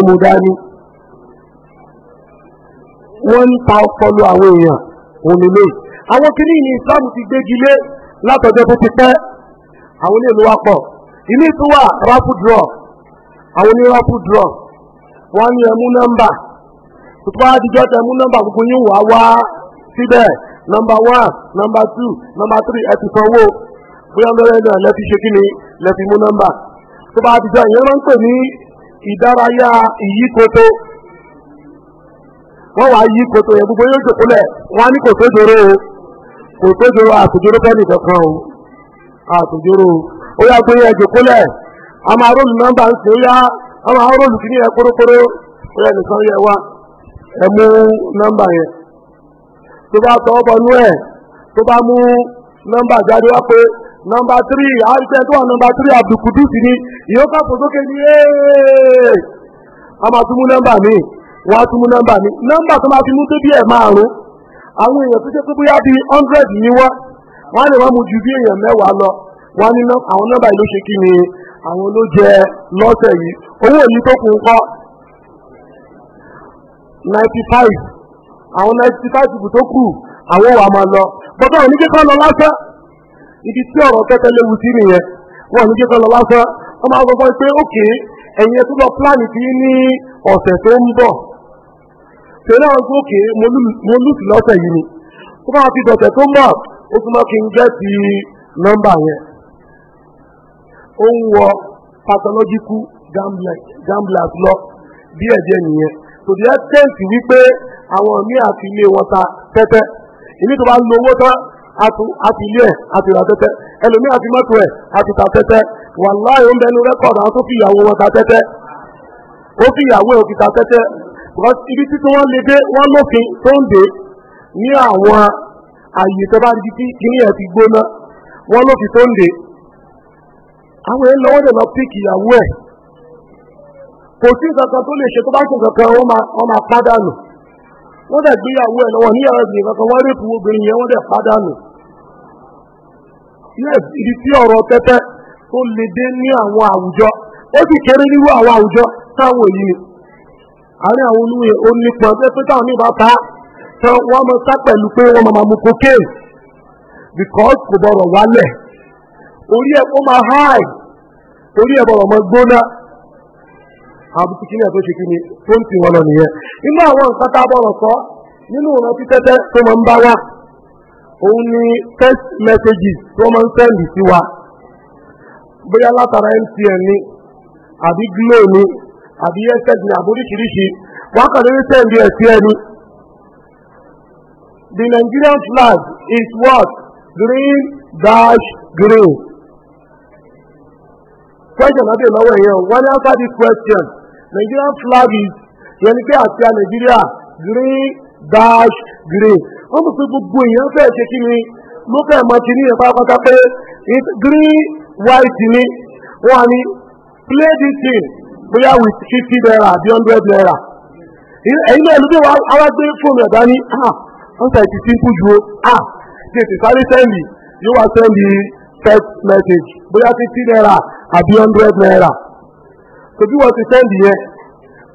méje tó wọ́n ń ta ọpọlọ àwọn èèyàn òun nílé àwọn kìíní ní Islam ti gbégi lé látọjọ́ tó ti pẹ́ àwọn ilé ìlú wa pọ̀ ilé tó wà rapu draw àwọn ní rapu draw wọ́n ní ẹmú nọ́mbà tuntun wá dijọ́ tẹ ẹmú nọ́mbà gbogbo yín wà wá síbẹ̀ nọ́mbà one nọ́mbà two nọ́mbà three ẹ ti sanwó bóyá lọ́rẹ́ náà lẹ́ fi ṣe kí ni lẹ́ fi mú nọ́mbà tó bá dijọ́ ìyẹn máa ń pè ní ìdárayá ìyíkoto. wọ́n wá yí kòtò gbogbo yóò jòkó lẹ̀ wọ́n ní kòtò ìdòrò o kòtò ìdòrò àtòjòrò fẹ́ nìkan kan o àtòjòrò ó yá gbé yẹn jòkó lẹ̀ a máa róòlù nọ́mbà ń sè ó yá a máa róòlù kìíní yẹn yẹ nìkan yẹ wá ẹ mú nọ́mbà yẹn tó bá tọ́ ẹ̀ tó bá mú nọ́mbà jáde wá pé nọ́mbà tírì àìsàn tó ni wọ́n á tún mú nọ́mbà mi nọ́mbà tó máa fi mú tó bí ẹ̀ márùn-ún àwọn èèyàn tó ṣe pé bóyá bíi hundred ni wọ́n wọ́n lè wọ́n mu ju bí èèyàn mẹ́wàá lọ wọ́n ní àwọn nọ́mbà yìí ló ṣe kí ni àwọn ló jẹ lọ́sẹ̀ yìí owó yìí tó kù ń kọ́ ninety five àwọn ninety five tó kù àwọn máa lọ bọ́tọ̀ lọ lásán ibi tí sọ tẹ̀lé àwọn tó kè lọ́sẹ̀ yìí ni tó bá fi dọ̀tẹ̀ tó ń bọ̀ yẹn ó ń wọ lọ bí ẹ̀jẹ̀ nìyẹn tò di ẹ́tẹ́ǹtì wípé àwọn míì àti ilé wọn ta tẹ́tẹ́ tó bá lo owó tán àti ilé ẹ̀ àti tẹ́tẹ́ àti mọ́tò ẹ̀ àti ta tẹ́tẹ́ ń bẹnu rẹ́kọ̀dù àwọn tó fi ìyàwó wọn ta tẹ́tẹ́ ó fi ìyàwó ẹ̀ òkìta because ibi títí wọ́n lè dé wọ́n lófin tó ń dé ní àwọn àyè tó bá di tí kíní ẹ̀ ti gbóná wọ́n lófin tó ń dé àwọn èèyàn lọ́wọ́ dẹ̀ lọ ìyàwó ẹ̀ kò sí kankan tó lè ṣe tó bá ṣe kankan wọ́n máa pádànù wọ́n dẹ̀ ẹ̀ lọ́wọ́ níyàwó kankan wọ́n obìnrin yẹn wọ́n dẹ̀ pádànù ibi tí ọ̀rọ̀ tẹ́tẹ́ tó lè dé ní àwọn àwùjọ ó sì kéré àárín àwọn olúwe ó nípọn pé táwọn oníbà ta tán wọ́n mọ sá pẹ̀lú pé wọ́n máa mú cocaine because kò bọ̀rọ̀ wálẹ̀ orí ẹ̀ ó máa háì orí ẹ̀ bọ̀rọ̀ mọ́ gbóná àbùkù kí ni ẹ̀ tó ṣe kí ni nìyẹn inú àwọn nǹkan bọ̀rọ̀ sọ nínú títẹ́tẹ́ tó máa ni text messages tó máa ń sẹ́ǹdì sí wa bóyá látara MTN ni àbí Glo àbí ẹsẹ̀ bí àbóríṣiríṣi wọ́n kàn lórí tẹ̀ bí ẹ̀sìn ẹni. The Nigerian flag is what? Green dash green. Question náà dè lọ́wọ́ èèyàn wọ́n ní answer this question. Nigerian flag is yẹn pé àti à Nigeria, green dash green. Wọ́n mọ̀ pé gbogbo èèyàn fẹ́ ṣe kí ni ló fẹ́ mọ ti ní ìyẹn pátápátá pé green white ni wọ́n á ní play this thing bóyá with fifty naira àbí hundred naira ẹ̀yin náà ló dé wá wá gbé fóònù ẹ̀dá ní ah wọ́n sọ ètí simple ju ah jèsì sáré sẹ́ndì yóò wá sẹ́ndì text message bóyá fifty naira àbí hundred naira tòbí wọ́n ti sẹ́ndì yẹn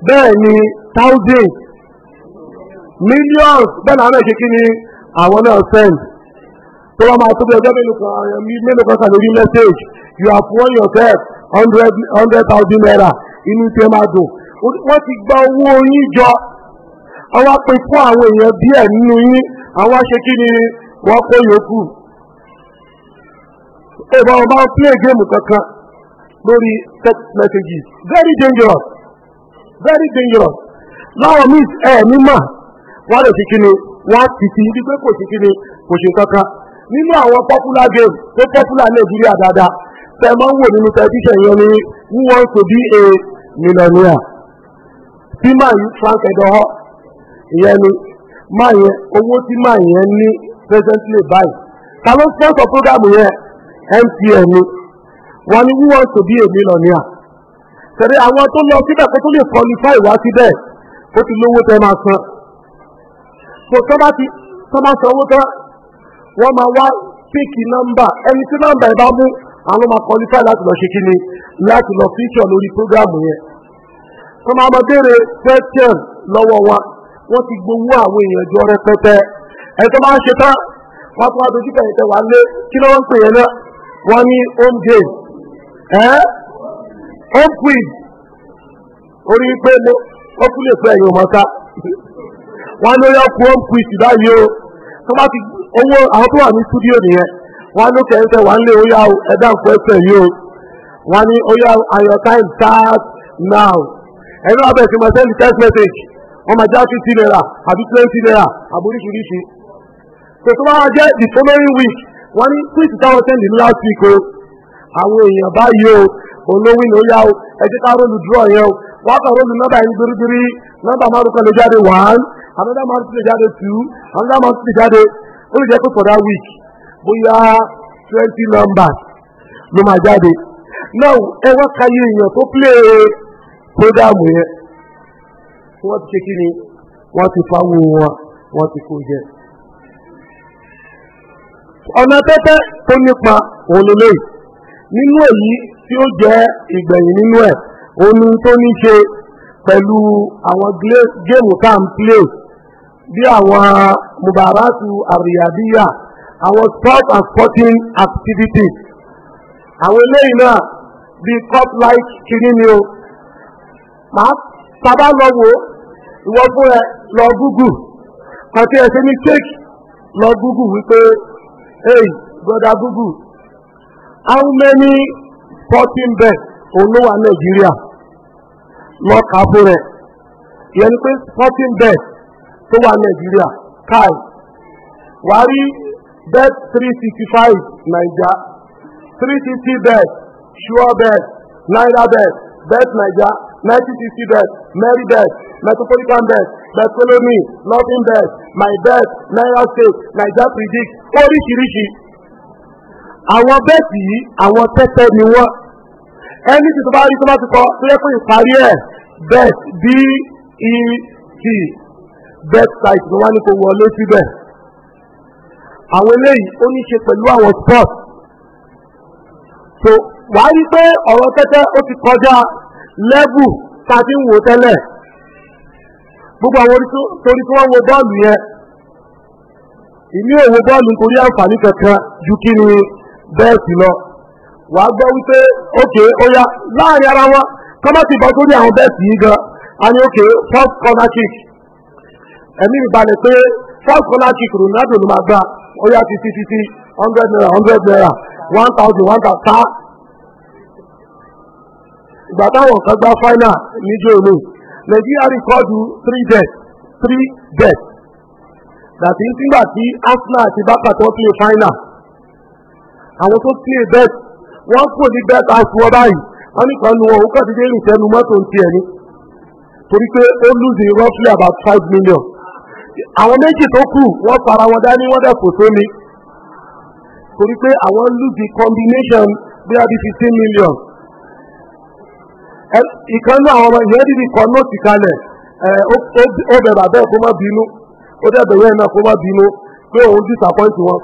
bẹ́ẹ̀ ni thousand millions bẹ́ẹ̀ náà náà kékeré ni àwọn náà send tó wọ́n máa tó bí ọjọ́ mélòó kan mélòó kan kà lórí message you have won yourself hundred hundred thousand naira inú tiẹ̀ máa dùn wọn ti gba owó yín jọ àwa pè fún àwọn èèyàn díẹ̀ nínú yín àwa ṣe ni wọ́n kó yòókù ìbọn ọba play game kankan lórí text messages very dangerous very dangerous láwọn míì ẹ̀ mímọ̀ wọ́n lè fi kíni wọ́n ti fi ibi pé kò kíni kò ṣe kankan nínú àwọn popular game tó popular Nàìjíríà máa ń wò who wants to be a millionaire tí máa yí transgender ìyẹn ni máa owó tí máa presently báyìí ta ló sponsor program yẹn MTN ni wọ́n ní who wants to be a millionaire tẹ̀lé àwọn tó lọ síbẹ̀ kó tó lè qualify wá síbẹ̀ ó ti lówó tẹ́ máa san so tọ́ bá ti bá san owó tán wọ́n máa wá àwọn máa qualify láti lọ ṣe kí ni láti lọ feature lórí program yẹn wọ́n máa máa béèrè question wa wọn ti gbowó àwọn èèyàn jọ rẹpẹtẹ ẹ̀ máa ń ṣe tán wọ́n tún wá dojú kẹ̀yìn tẹ̀ lé kí ló ń pè yẹn náà ní home game ẹ́ home quiz orí pé mo o kú lè fẹ́ ní home quiz báyìí o bá ti owó àwọn tó wà ní wọ́n ló kẹ́ńtẹ́ wà nílé oyá o ẹ̀dá nǹkan ẹsẹ̀ yìí o wọ́n ní oyá ayọ̀ time start now ẹ̀rọ abẹ́ ti máa sẹ́ndì text message wọ́n máa já fifty naira àbí twenty naira àbóríṣiríṣi kò tó bá wá jẹ́ the following week wọ́n ní twist táwọn sẹ́ndì last week o àwọn èèyàn báyìí o olówó ni oyá o ẹ̀jẹ̀ ká rólu draw yẹn o wọ́n kàn rólu nọ́mbà yẹn gbérígbérí nọ́mbà márùn kan lè jáde one another márùn kan lè jáde two another márùn kan lè jáde ó lè jẹ́ pé for that week bóyá twenty numbers ló máa jáde náà ẹ wá káyé èèyàn tó play prógámù yẹn tí wọ́n ti ṣe kí ni wọ́n ti fáwọn wọn wọ́n ti kó jẹ. ọ̀nà tẹ́tẹ́ tó nípa òun lélẹ́yìí nínú èyí tí ó jẹ́ ìgbẹ̀yìn nínú ẹ̀ omi tó ní ṣe pẹ̀lú àwọn géèmù tá à ń play bí àwọn mubaratu àríyàdíyà àwọn church and sporting activities àwọn eléyìí náà bíi cup light kiri ni o màá sábà lọ wò ìwọ fún ẹ lọ gúgù àti ẹ ní check lọ gúgù wípé hey gúgù how many sporting bet òun ló wà nàìjíríà lọ kà á fún ìyẹn ni pé sporting bet tó wà nàìjíríà káì wàá rí bet three sixty five naija three sixty bet sure bet naira bet bet naija ninety sixty bet merry bet metropolitan bet betolomi loving bet my bet naira state naija predict oríṣiríṣi àwọn bẹ́ẹ̀tì yìí àwọn tẹ́tẹ́ ni wọ́n ẹni tí tó bá rí tó bá ti kọ tó yẹ kó ìparí ẹ̀ bet b e t bet site ni wọ́n á ní kó wọlé síbẹ̀. àwọn eléyìí ó ní ṣe pẹ̀lú àwọn sport so wàá rí pé ọ̀rọ̀ tẹ́tẹ́ ó ti kọjá lẹ́bù tá a ti ń wò tẹ́lẹ̀ gbogbo àwọn torí tí wọ́n wo bọ́ọ̀lù yẹn ìní òwò bọ́ọ̀lù nítorí àǹfààní kankan ju ni lọ wàá gbọ́ wípé ókè ó láàrin ara wọn kọ́má bọ́ sórí àwọn gan first corner ẹ̀mí ìbalẹ̀ pé first corner kick Ronaldo ló máa ó yá títí títí hundred naira hundred naira one thousand one thousand ta. ìgbà táwọn kan gbá final Nàìjíríà rìkọ́dù three three nígbà tí Arsenal àti Barca tó play final àwọn tó play bet wọ́n kò bet house wọ́n báyìí wọ́n ní kan nu wọn òun kàn ìrìnsẹ́nu mọ́tò ń tiẹ̀ torí pé ó roughly about five million. àwọn méjì tó kù wọ́n para wọn dání wọ́n dẹ̀ kò sómi torí pé àwọn combination bí a bí fifteen million ìkànnì àwọn ọmọ ìyẹn dídì kan náà ti kalẹ̀ ó bẹ̀ bàbá kó má bínú ó dẹ̀ bẹ̀rẹ̀ náà kó má bínú pé òun disappoint wọn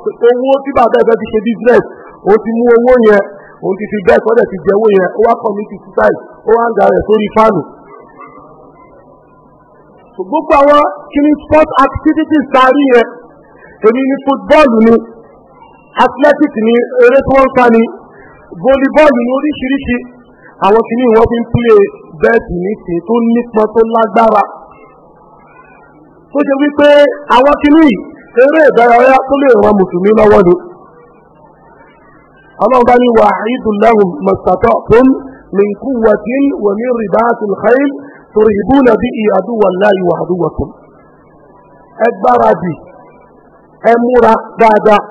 owó tí bàbá ẹ̀ fẹ́ ṣe business òun ti mú owó yẹn òun ti fi bẹ́ẹ̀ sọ́dẹ̀ ti jẹ owó yẹn ó wá commit suicide ó wá ń sórí so gbogbo àwọn kíní sport activities sáré yẹn èmi ni fútbọ́ọ̀lù ni athletic ni eré tí wọ́n ń sá ni volleybọ́ọ̀lù ni oríṣiríṣi àwọn kíní wọ́n fi ń play bẹ́ẹ̀tì nísìnyí tó nípọn tó lágbára tó ṣe wípé àwọn kíní eré ìdárayá tó lè ran mùsùlùmí lọ́wọ́ ni ọlọ́run bá ní wàhídùn lahum mastata'tum min quwwatin wa min ribatil khayl tòrìbùnà bí i àdúwà láàyè wà àdúwà tó ẹ gbáradì ẹ múra dáadáa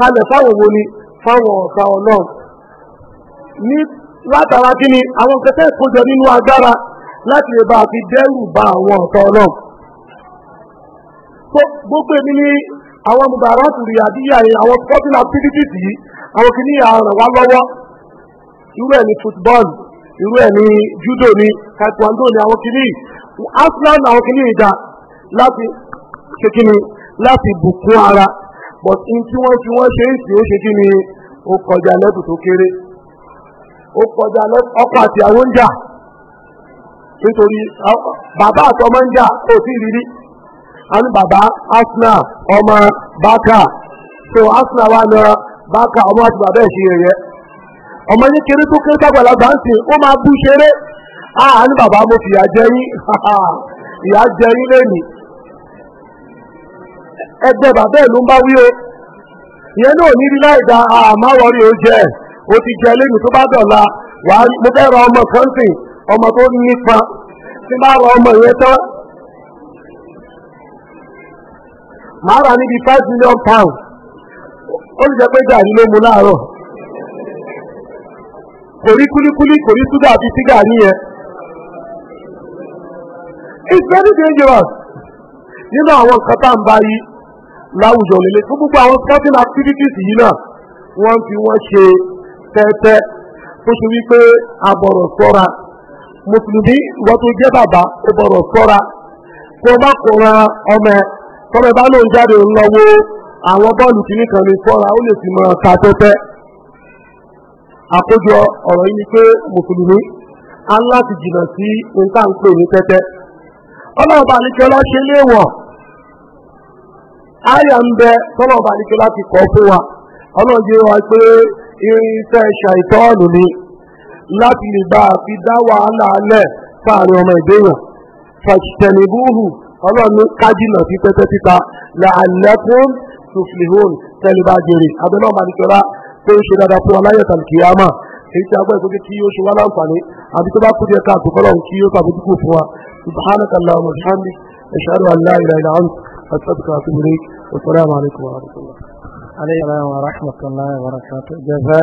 kalẹ̀ fáwọn wo ni fáwọn ọ̀gá ọlọ́run ní látara kí ni àwọn kẹtẹ́ ìkójọ nínú agbára láti lè bá a fi dẹ́rù bá àwọn ọ̀tọ̀ ọlọ́run tó gbogbo èmi ní àwọn mubarakù rí àdíyà yẹn àwọn sporting activities yìí àwọn kìíní àrùn lọ́wọ́ irú ẹ̀ judo ni taekwondo ni àwọn kìíní arsenal àwọn kìíní ìdá láti kékeré láti bùkún ara but in tí wọ́n fi wọ́n ṣe é sì ó ṣe kí ni ó kọjá lẹ́bù tó kéré ó kọjá àti àwọn ń jà nítorí bàbá àti ọmọ ń jà bàbá arsenal ọmọ so arsenal wà náà bákà ọmọ àti bàbá ẹ̀ ṣe ọmọ yín kéré tó kéré tágbàlagbà ń sìn ó máa bú ṣeré àá ní bàbá mo fìyà jẹ yín ìyà jẹ yín lẹ́nu ẹgbẹ́ bàbá ẹ̀ ló ń bá wí o ìyẹn náà ní rí láì da o o ti jẹ lẹ́nu tó bá dọ̀la wàá mo fẹ́ ra ọmọ kan sìn ọmọ tó tí bá ra ọmọ yẹn tán màá rà níbi five mu láàárọ̀. kò rí kúlíkúlí kò rí ṣúgà àti ṣígà nìyẹn. it's very dangerous nínú àwọn nǹkan tá à ń bá yí láwùjọ lélẹ̀ fún gbogbo àwọn sporting activities yìí náà wọ́n fi wọ́n ṣe tẹ́tẹ́ tó ṣe wípé a sọ́ra mùsùlùmí ìwọ́n tó jẹ́ bàbá ó sọ́ra tó bá kọ̀ra ọmọ ẹ̀ tọ́mọ bá lóun jáde ńlọ́wọ́ àwọn bọ́ọ̀lù ní sọ́ra àkójọ ọ̀rọ̀ yìí ni pé mùsùlùmí á láti jìnnà sí nǹkan ń pè ní tẹ́tẹ́ ọlọ́ọ̀bà ṣe léèwọ̀ àyà ń bẹ tọ́lọ̀ọ̀bà àlìkẹ́lá ti kọ́ fún wa ọlọ́ọ̀jẹ́ wa pé irinṣẹ́ ṣàìtọ́ọ̀nù ni láti lè bá a fi dá wàhálà alẹ́ fáàrin ọmọ ìbéèyàn fàṣìtẹ̀nìbúhù ọlọ́ọ̀ni kájìnà sí tẹ́tẹ́ títa làálẹ́kùn abẹ́lọ́ọ̀bà tó ń ṣe dáadáa fún aláyẹ̀ tàbí kìyàmà èyí tí a gbọ́ ìgbókè tí yóò ṣe wá láǹfààní àbí tó bá kú díẹ̀ káàtó kọ́lọ̀ kí yóò tàbí dúkù fún wa subhanaka allahumma wa bihamdika ashhadu an la ilaha illa anta astaghfiruka wa atubu wa salaamu alaykum wa rahmatullah.